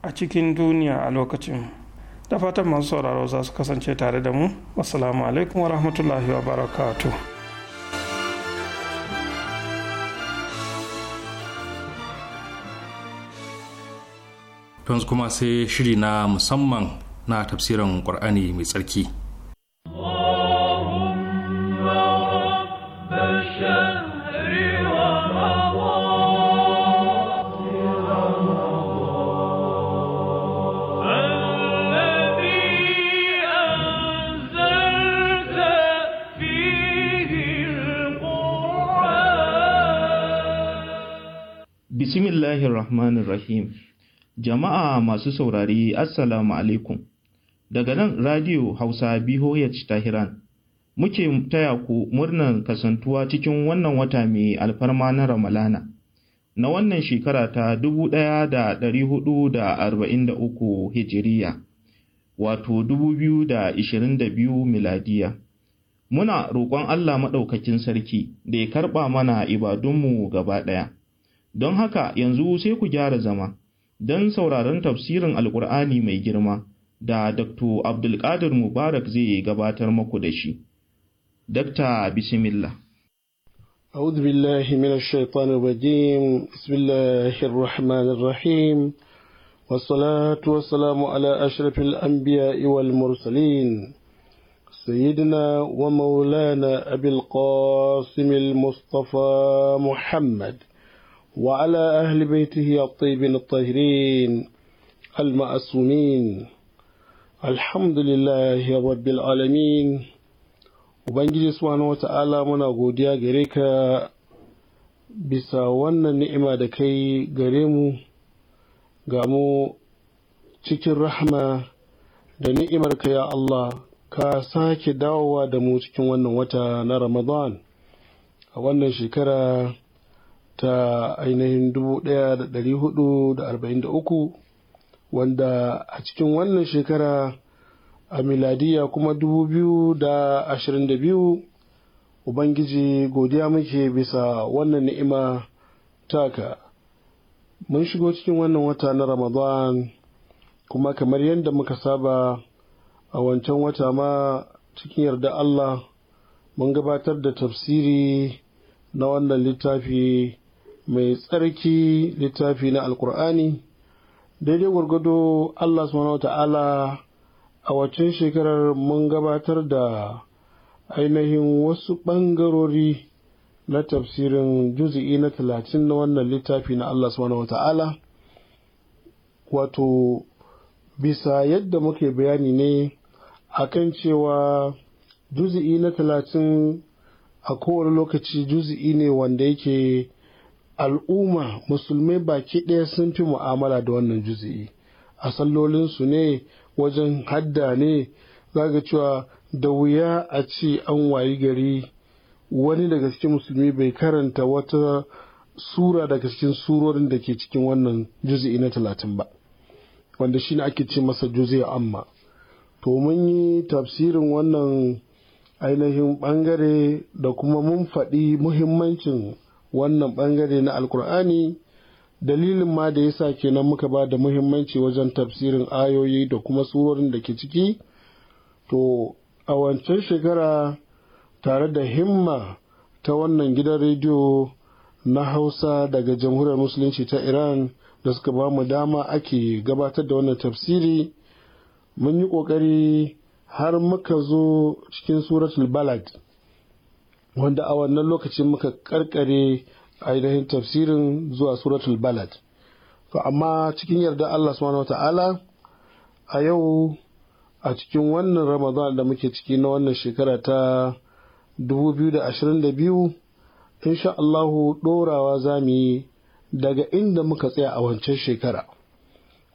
a cikin duniya a lokacin da fatan masu sauraro za su kasance tare da mu wasalamu alaikum wa rahmatullahi wa barakatu kuma sai shiri na musamman na tafsirin ƙur'ani mai tsarki Bismillahirrahmanirrahim. Jama'a masu saurari, Assalamu alaikum. daga nan radio hausa BOH Tahiran. Muke taya ku murnar kasantuwa cikin wannan wata mai alfarma na Ramalana, na wannan shekara ta 1443 Hijiriya, wato 2022 Miladiya. Muna roƙon Allah Maɗaukakin Sarki da ya karɓa mana ibadunmu gaba ɗaya. Don haka yanzu sai ku gyara zama, don sauraron tafsirin Alƙur'ani mai girma. da Dr. Abdulkadir Mubarak zai gabatar muku da shi. Dr. Bismillah. أعوذ بالله من الشيطان الرجيم بسم الله الرحمن الرحيم والصلاة والسلام على أشرف الأنبياء والمرسلين سيدنا ومولانا أبي القاسم المصطفى محمد وعلى أهل بيته الطيبين الطاهرين المأسومين lillahi rabbil alamin ubangiji subhanahu wata'ala muna godiya gare ka bisa wannan ni'ima da kai gare mu ga mu cikin rahama da ni'imar ka ya Allah ka sake dawowa da mu cikin wannan wata na ramadan a wannan shekara ta ainihin 1443 wanda a cikin wannan shekara a miladiya kuma 2022 ubangiji godiya muke bisa wannan ni'ima taka mun shigo cikin wannan wata na ramadan kuma kamar yadda muka saba a wancan wata ma cikin yarda allah mun gabatar da tafsiri na wannan littafi mai tsarki littafi na alkur'ani daidai gwargwado Allah subhanahu ta'ala a waccan shekarar mun gabatar da ainihin wasu ɓangarori na tafsirin juzi'i na talatin na wannan littafi na Allah subhanahu ta'ala wato bisa yadda muke bayani ne akan cewa juzi'i na talatin a kowane lokaci juzi'i ne wanda yake al'umma musulmai baki ɗaya sun fi mu'amala da wannan juzi'i a sallolinsu ne wajen hadda ne zaga cewa da wuya a ce an wayi gari wani daga cikin musulmi bai karanta wata sura daga cikin surorin da ke cikin wannan juzi'i na talatin ba wanda shi ne ake ce masa juzi'i amma to mun yi tafsirin wannan ainihin bangare da kuma mun faɗi muhimmancin wannan bangare na alkur'ani dalilin ma da yasa kenan muka ba da muhimmanci wajen tafsirin ayoyi da kuma surorin da ke ciki to a wancan shekara tare da himma ta wannan gidan rediyo na hausa daga jamhuriyar musulunci ta iran da suka ba mu dama ake gabatar da wannan tafsiri mun yi ƙoƙari har muka zo cikin suratul balad wanda a wannan lokacin muka karkare ainihin tafsirin zuwa suratul balad to amma cikin yarda Allah subhanahu wata'ala a yau a cikin wannan ramadan da muke ciki na wannan shekara ta 2022 insha Allahu dorawa za mu yi daga inda muka tsaya a wancan shekara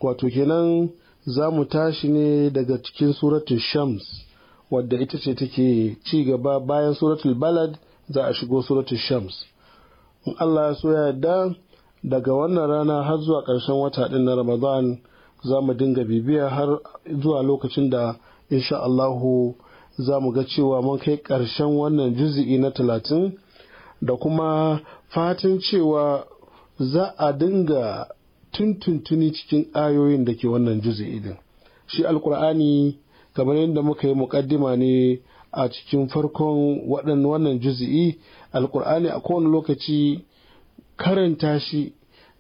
wato kenan za mu tashi ne daga cikin suratun shams wadda ita ce take ci gaba bayan suratul balad za a shigo suratul shams in Allah ya so yarda daga wannan rana har zuwa ƙarshen wata ɗin na ramadan za mu dinga bibiya har zuwa lokacin da insha Allahu za mu ga cewa mun kai ƙarshen wannan juzi'i na talatin da kuma fatan cewa za a dinga tuntuntuni cikin ayoyin da ke wannan juzi'i din shi alkur'ani kamar yadda muka yi mukaddima ne a cikin farkon waɗannan wannan juzi'i alkur'ani a kowane lokaci karanta shi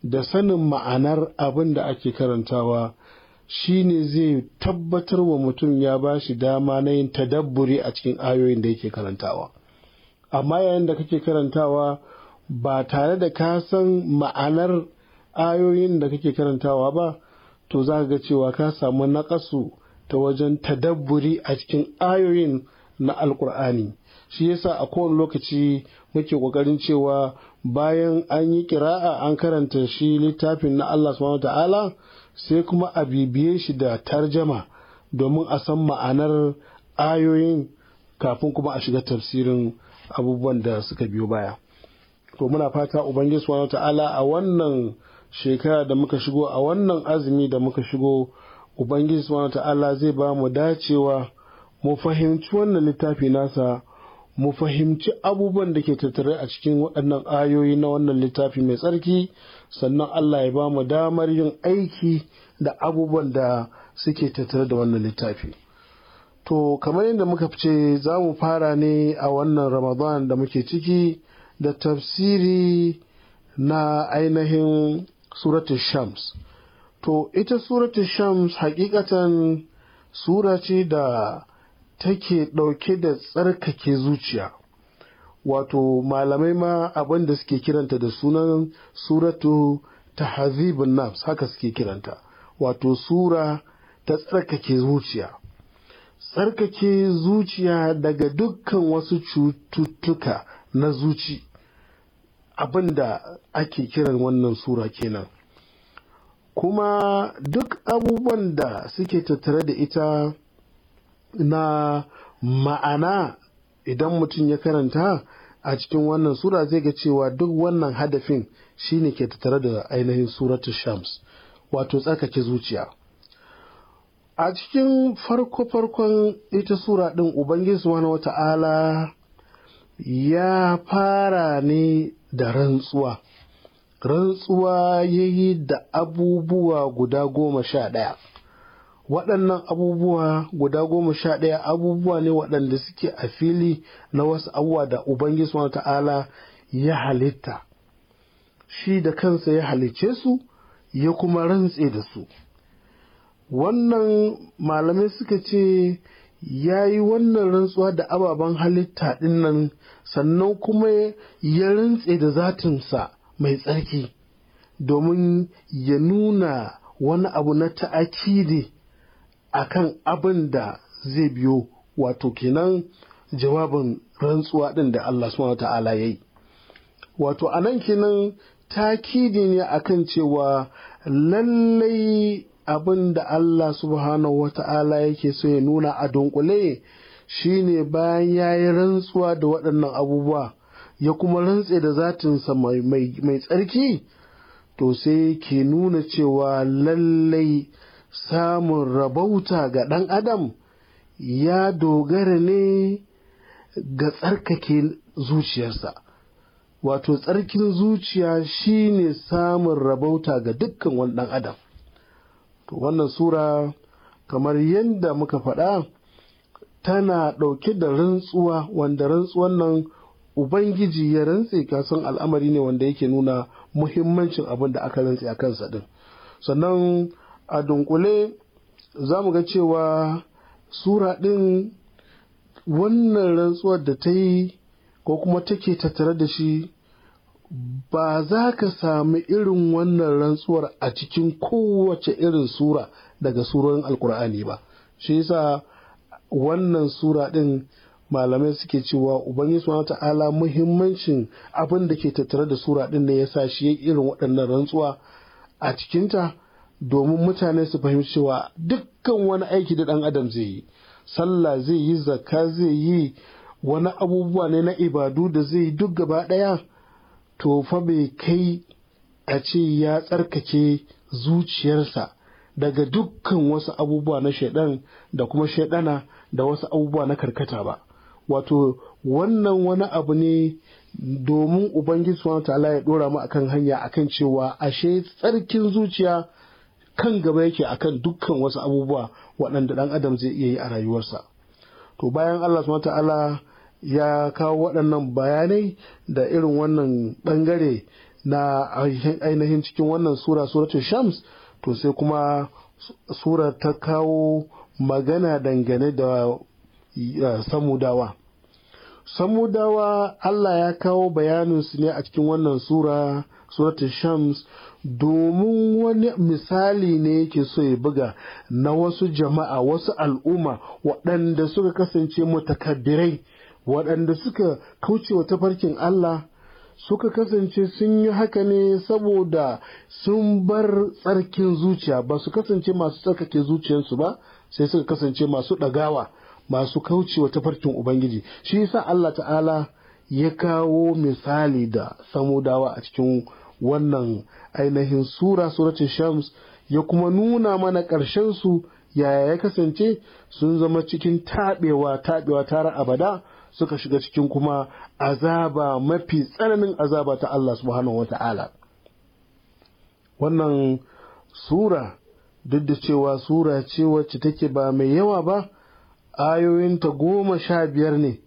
da sanin ma'anar abin da ake karantawa shi ne zai tabbatar wa mutum ya ba shi dama na yin tadabburi a cikin ayoyin da yake karantawa amma yayin da kake karantawa ba tare da ka san ma'anar ayoyin da kake karantawa ba to za ga cewa ka samu naƙasu ta wajen tadabburi a cikin ayoyin na alkur'ani shi yasa a kowane lokaci muke ƙoƙarin cewa bayan an yi kira'a an karanta shi littafin na Allah subhanahu ta'ala sai kuma a bibiye shi da tarjama domin a san ma'anar ayoyin kafin kuma a shiga tafsirin abubuwan da suka biyo baya to muna fata ubangiji subhanahu ta'ala a wannan shekara da muka shigo a wannan azumi da muka shigo ubangiji subhanahu ta'ala zai ba mu dacewa mu fahimci wannan littafi nasa mu fahimci abubuwan da ke tattare a cikin waɗannan ayoyi na wannan littafi mai tsarki sannan Allah ya ba mu damar yin aiki da abubuwan da suke tattare da wannan littafi to kamar yadda muka fice za mu fara ne a wannan ramadan da muke ciki da tafsiri na ainihin suratul shams to ita suratu shams hakikatan sura ce da take ɗauke da tsarkake zuciya wato malamai ma abin da suke kiranta da sunan suratu ta tahazibun nafs haka suke kiranta wato sura ta tsarkake zuciya tsarkake zuciya daga dukkan wasu cututtuka na zuci abin da ake kiran wannan sura kenan kuma duk abubuwan da suke tattare da ita na ma'ana idan mutum ya karanta a cikin wannan sura zai ga cewa duk wannan hadafin shine ke tattare da ainihin suratu shams wato tsarkake zuciya a cikin farko-farkon ita sura ɗin ubangiji wani wata'ala ya fara ne da rantsuwa rantsuwa ya yi da abubuwa guda goma sha ɗaya waɗannan abubuwa guda goma sha ɗaya abubuwa ne waɗanda suke a fili na wasu abubuwa da ubangiji ta'ala ya halitta shi da kansa ya halicce su ya kuma rantse da su wannan malamai suka ce ya yi wannan rantsuwa da ababen halitta ɗin sannan kuma ya rantse da zatinsa mai tsarki domin ya nuna wani abu na ne a kan abin da zai biyo wato kenan jawabin rantsuwa ɗin da Allah subhanahu ta'ala ya yi. Wato a nan kenan takidi ne a kan cewa lallai abin da Allah subhanahu wa ta'ala yake so ya nuna a dunkule shine bayan ya yi rantsuwa da waɗannan abubuwa ya kuma rantse da zatinsa mai tsarki to sai ke nuna cewa lallai samun rabauta ga ɗan adam ya dogara ne ga tsarkake zuciyarsa wato tsarkin zuciya shine samun rabauta ga dukkan wani ɗan adam to wannan sura kamar yadda muka faɗa tana ɗauke da rantsuwa wanda rantsuwan nan ubangiji ya rantse kasan al'amari ne wanda yake nuna muhimmancin abin da aka rantse a kansa din sannan a dunkule za mu ga cewa sura ɗin wannan rantsuwar da ta yi ko kuma take tattare da shi ba za ka sami irin wannan rantsuwar a cikin kowace irin sura daga surorin alkur'ani ba shi yasa wannan sura ɗin. malamai suke cewa ubangiji subhanahu ta'ala muhimmancin abin da ke tattare da sura din ne yasa shi ya irin waɗannan rantsuwa a cikinta domin mutane su fahimci cewa dukkan wani aiki da ɗan adam zai yi sallah zai yi zakka zai yi wani abubuwa ne na ibadu da zai yi duk gaba ɗaya to fa bai kai a ce ya tsarkake zuciyarsa daga dukkan wasu abubuwa na shaidan da kuma shaidana da wasu abubuwa na karkata ba wato wannan wani abu ne domin ubangiji subhanahu ta'ala ya dora mu akan hanya akan cewa ashe tsarkin zuciya kan gaba yake akan dukkan wasu abubuwa waɗanda ɗan adam zai iya yi a rayuwarsa to bayan allah subhanahu ta'ala ya kawo waɗannan bayanai da irin wannan ɓangare na ainihin cikin wannan sura suratul shams to sai kuma sura ta kawo magana dangane da samudawa samudawa Allah ya kawo bayaninsu ne a cikin wannan sura suratul shams domin wani misali ne yake so ya buga na wasu jama'a wasu al'umma waɗanda suka kasance mutakaddirai waɗanda suka kauce wa tafarkin Allah suka kasance sun yi haka ne saboda sun bar tsarkin zuciya ba su kasance masu tsarkake zuciyarsu ba sai suka kasance masu ɗagawa masu kauce kaucewa tafarkin ubangiji shi yasa Allah ta'ala ya kawo misali da samudawa a cikin wannan ainihin sura suratul shams ya kuma nuna mana ƙarshen su yaya ya kasance sun zama cikin taɓewa taɓewa tara abada suka shiga cikin kuma azaba mafi tsananin azaba ta Allah subhanahu wata'ala wannan sura duk da cewa sura ce wacce take ba mai yawa ba ayoyinta goma sha biyar ne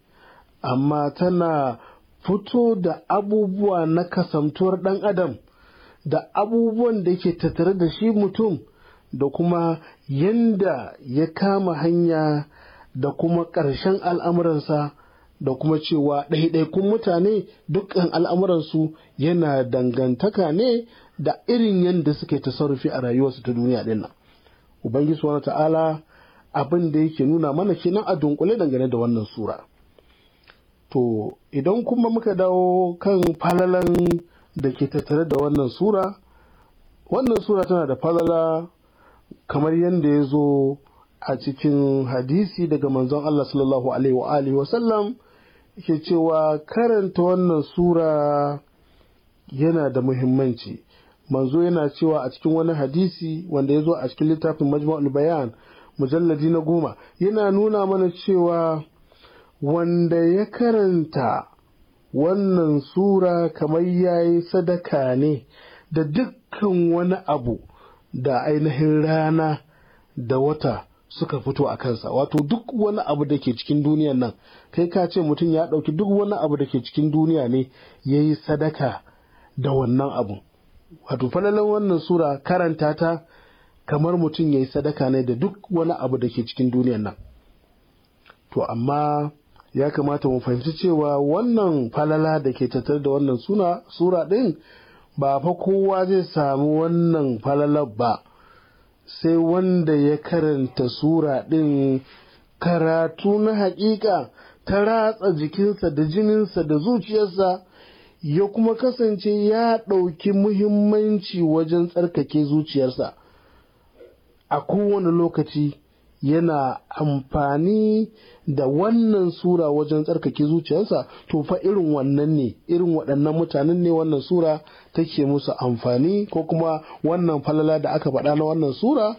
amma tana fito da abubuwa na kasamtuwar ɗan adam da abubuwan da ke tattare da shi mutum da kuma yanda ya kama hanya da kuma ƙarshen al'amuransa da kuma cewa ɗaiɗaikun mutane dukkan al'amuransu yana dangantaka ne da irin yadda suke tasarrufi a rayuwarsu ta duniya ɗin nan. Ubangiji wa ta'ala abin da yake nuna mana kenan a dunkule dangane da wannan sura to idan kuma muka dawo kan falalan da ke tattare da wannan sura wannan sura tana da falala kamar yadda ya zo a cikin hadisi daga manzon Allah sallallahu alaihi wa sallam ke cewa karanta wannan sura yana da muhimmanci manzo yana cewa a cikin wani hadisi wanda ya zo a cikin littafin majmu'ul bayan mujalladi na goma yana nuna mana cewa wanda ya karanta wannan sura kamar ya yi sadaka ne da dukkan wani abu da ainihin rana da wata suka fito a kansa wato duk wani abu da ke cikin duniyan nan kai ka ce mutum ya ɗauki duk wani abu da ke cikin duniya ne ya yi sadaka da wannan abu wato falalan wannan sura karanta ta kamar mutum ya yi sadaka ne da duk wani abu da ke cikin duniyan nan to amma ya kamata mu fahimci cewa wannan falala da ke tattare da wannan suna sura ɗin ba fa kowa zai samu wannan falalar ba sai wanda ya karanta sura ɗin karatu na haƙiƙa ta ratsa jikinsa da jininsa da zuciyarsa ya kuma kasance ya ɗauki muhimmanci wajen tsarkake zuciyarsa a kowane lokaci yana amfani da wannan sura wajen tsarkake zuciyarsa to fa irin wannan ne irin waɗannan mutanen ne wannan sura take musu amfani ko kuma wannan falala da aka faɗa na wannan sura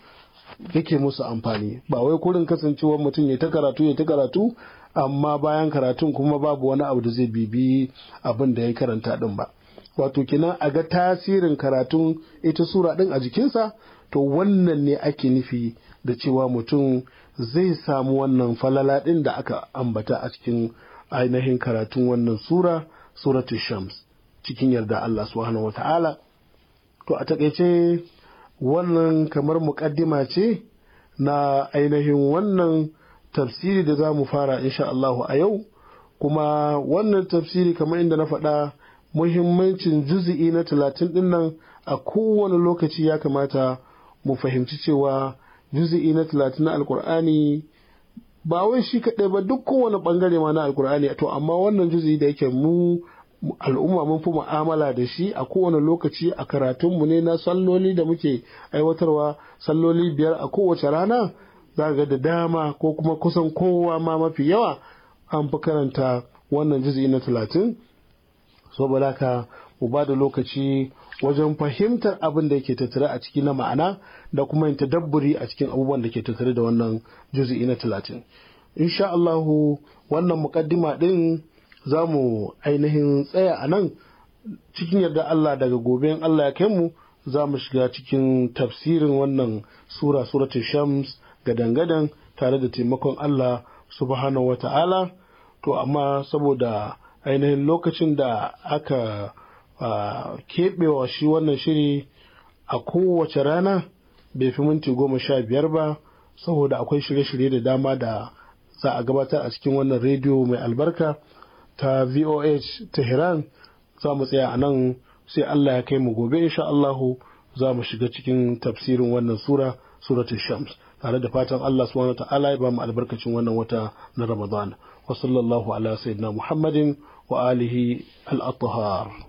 yake musu amfani ba wai kurin kasancewar mutum ya ta karatu ya ta karatu amma bayan karatun kuma babu wani abu da zai bibi abin da ya karanta din ba wato kenan a ga tasirin karatun ita sura din a jikinsa to wannan ne ake nufi da cewa mutum zai samu wannan falala ɗin da aka ambata a cikin ainihin karatun wannan sura suratu shams cikin yarda Allah subhanahu wata'ala to a takaice wannan kamar muƙaddima ce na ainihin wannan tafsiri da za mu fara insha Allahu a yau kuma wannan tafsiri kamar inda na faɗa muhimmancin juzi'i na talatin ɗinnan a kowane lokaci ya kamata mu fahimci cewa juzi'i na talatin na alkur'ani ba wai shi kaɗai ba duk kowane ɓangare ma na alkur'ani to amma wannan juzi'i da yake mu al'umma mun fi mu'amala da shi a kowane lokaci a karatunmu ne na salloli da muke aiwatarwa salloli biyar a kowace rana za ga da dama ko kuma kusan kowa ma mafi yawa an fi karanta wannan juzi'i na talatin saboda haka mu ba da lokaci wajen fahimtar abin da yake tattare a ciki na ma'ana da kuma yin tadabburi a cikin abubuwan da ke tattare da wannan juzi'i na talatin insha Allahu wannan mukaddima din za mu ainihin tsaya a nan cikin yarda Allah daga gobe Allah ya kai mu za mu shiga cikin tafsirin wannan sura suratul shams gadan-gadan tare da taimakon Allah subhanahu wa ta'ala to amma saboda ainihin lokacin da aka keɓewa shi wannan shiri a kowace rana bai fi minti goma sha biyar ba saboda akwai shirye-shirye da dama da za a gabatar a cikin wannan rediyo mai albarka ta voh tehran za mu tsaya a nan sai allah ya kai mu gobe insha allahu za mu shiga cikin tafsirin wannan sura suratul shams tare da fatan allah subhanahu ta'ala ya ba mu albarkacin wannan wata na ramadan wa sallallahu ala sayyidina muhammadin wa alihi al-athhar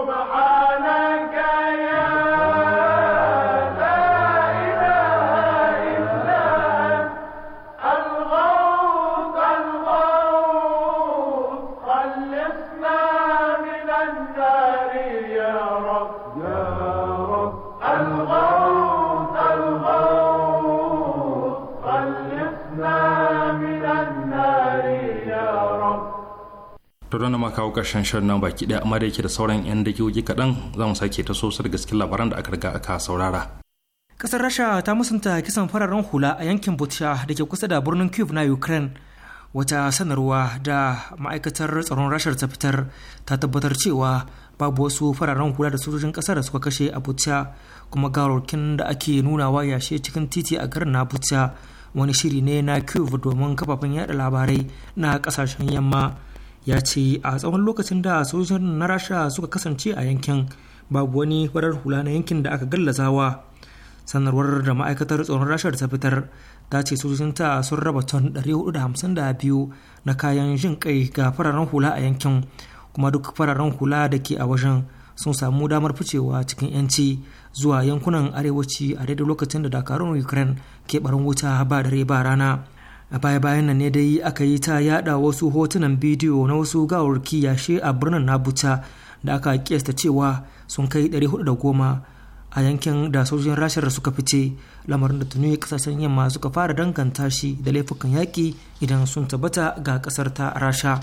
don ma kawo ƙarshen shirin nan baki ɗaya amma da yake da sauran 'yan dakiyoyi kaɗan za mu sake ta sosar gaske labaran da aka riga aka saurara. Ƙasar Rasha ta musanta kisan fararen hula a yankin Butsha da ke kusa da birnin Kyiv na Ukraine. Wata sanarwa da ma'aikatar tsaron Rashar ta fitar ta tabbatar cewa babu wasu fararen hula da sojojin ƙasar da suka kashe a Butsha kuma garurkin da ake nunawa yashe cikin titi a garin na Butsha wani shiri ne na Kyiv domin kafafen yada labarai na ƙasashen yamma. ya ce a tsawon lokacin da sojojin na rasha suka kasance a yankin babu wani farar hula na yankin da aka gallazawa sanarwar da ma'aikatar tsoron rasha ta fitar ta ce ta sun raba ton 452 na kayan jin kai ga fararen hula a yankin kuma duk fararen hula da ke a wajen sun samu damar ficewa cikin 'yanci zuwa yankunan arewaci a daidai lokacin da dakarun ukraine ke barin wuta ba dare ba rana a baya-bayan nan ne dai aka yi ta yada wasu hotunan bidiyo na wasu gawarki yashe a birnin nabuta da aka kiyasta cewa sun kai 410 a yankin da sojojin rashar suka fice lamarin da tuni kasashen yamma suka fara danganta shi da laifukan yaƙi idan sun tabbata ga ƙasar ta rasha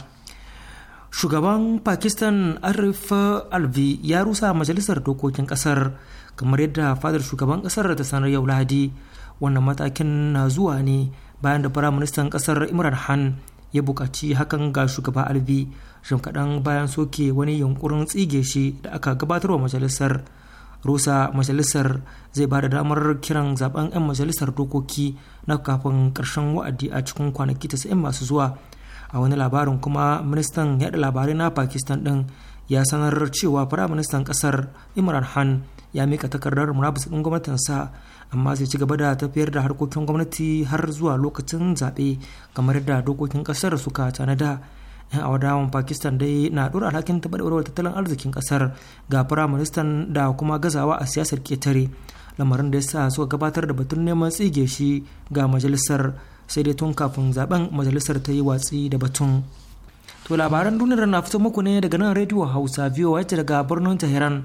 shugaban pakistan arif alvi ya rusa majalisar dokokin ƙasar kamar yadda fadar shugaban ƙasar ta sanar yau lahadi wannan matakin na zuwa ne bayan da firaministan ƙasar imran han ya bukaci hakan ga shugaba alvi jim kaɗan bayan soke wani yunkurin tsige shi da aka gabatar wa majalisar rusa majalisar zai ba da damar kiran zaben 'yan majalisar dokoki na kafin ƙarshen wa'adi a cikin kwanaki 90 masu zuwa a wani labarin kuma ministan yaɗa labarai na pakistan ɗin ya sanar cewa firaministan ƙasar imran han ya mika takardar murabus din gwamnatin sa amma sai ci gaba da tafiyar da harkokin gwamnati har zuwa lokacin zaɓe kamar da dokokin kasar suka da. yan awadawan pakistan dai na ɗora alhakin taɓarɓarwar tattalin arzikin ƙasar ga firaministan da kuma gazawa a siyasar ƙetare lamarin da ya sa suka gabatar da batun neman tsige shi ga majalisar sai dai tun kafin zaben majalisar ta yi watsi da batun to labaran duniyar na fito muku ne daga nan rediyo hausa biyu wacce daga birnin tehran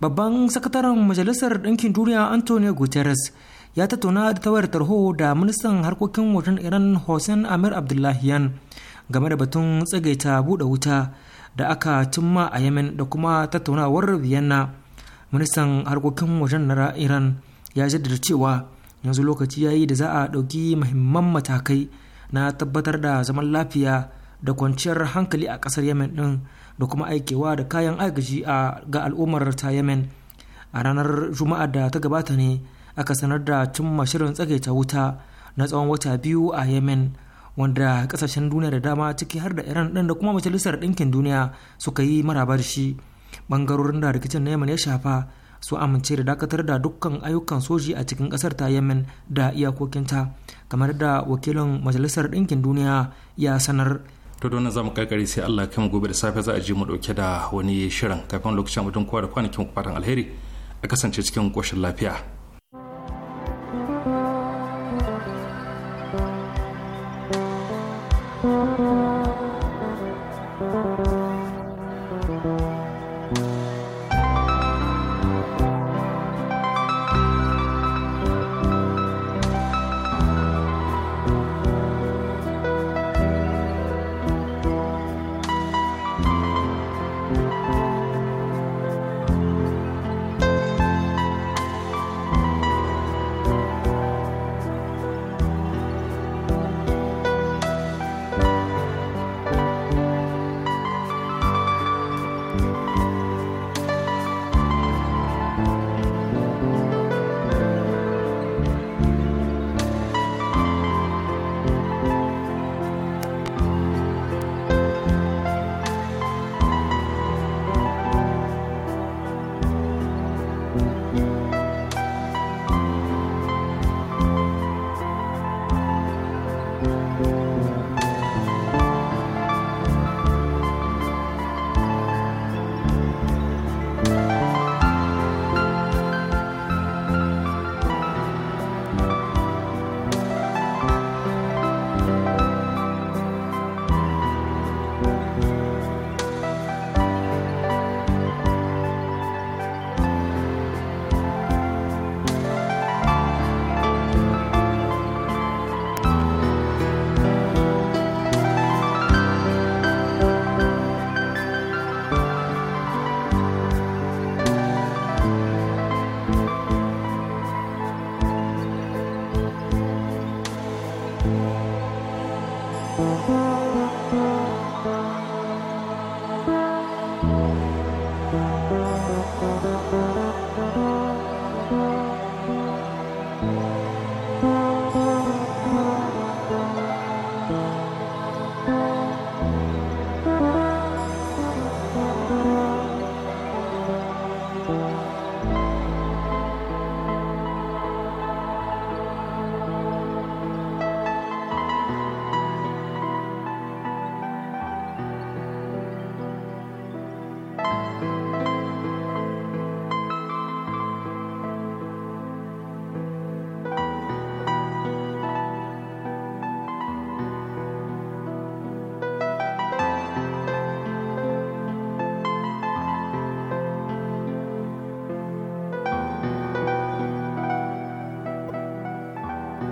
babban sakataren majalisar ɗinkin duniya antonio guterres ya tattauna da tawayar tarho da ministan harkokin wajen iran hussein amir abdullahiyan game da batun tsagaita buɗe wuta da aka cimma a yemen da kuma tattaunawar vienna ministan harkokin wajen na iran ya jaddada cewa yanzu lokaci ya yi da za a ɗauki muhimman matakai na tabbatar da zaman lafiya da kwanciyar hankali a ƙasar yemen ɗin da kuma aikewa da kayan agaji ga al'ummar ta yemen a ranar juma'a da ta gabata ne aka sanar da cimma shirin tsagaita wuta na tsawon wata biyu a yemen wanda kasashen duniya da dama ciki har da iran ɗin da kuma majalisar ɗinkin duniya suka yi maraba shi bangarorin da rikicin na yemen ya shafa su amince da dakatar da dukkan ayyukan soji a cikin ƙasar ta yemen da iyakokinta kamar da wakilin majalisar ɗinkin duniya ya sanar to don za mu kakari sai Allah kai mu gobe da safe za a ji mu dauke da wani shirin kafin lokacin mutum kowa da kwanakin fatan alheri a kasance cikin koshin lafiya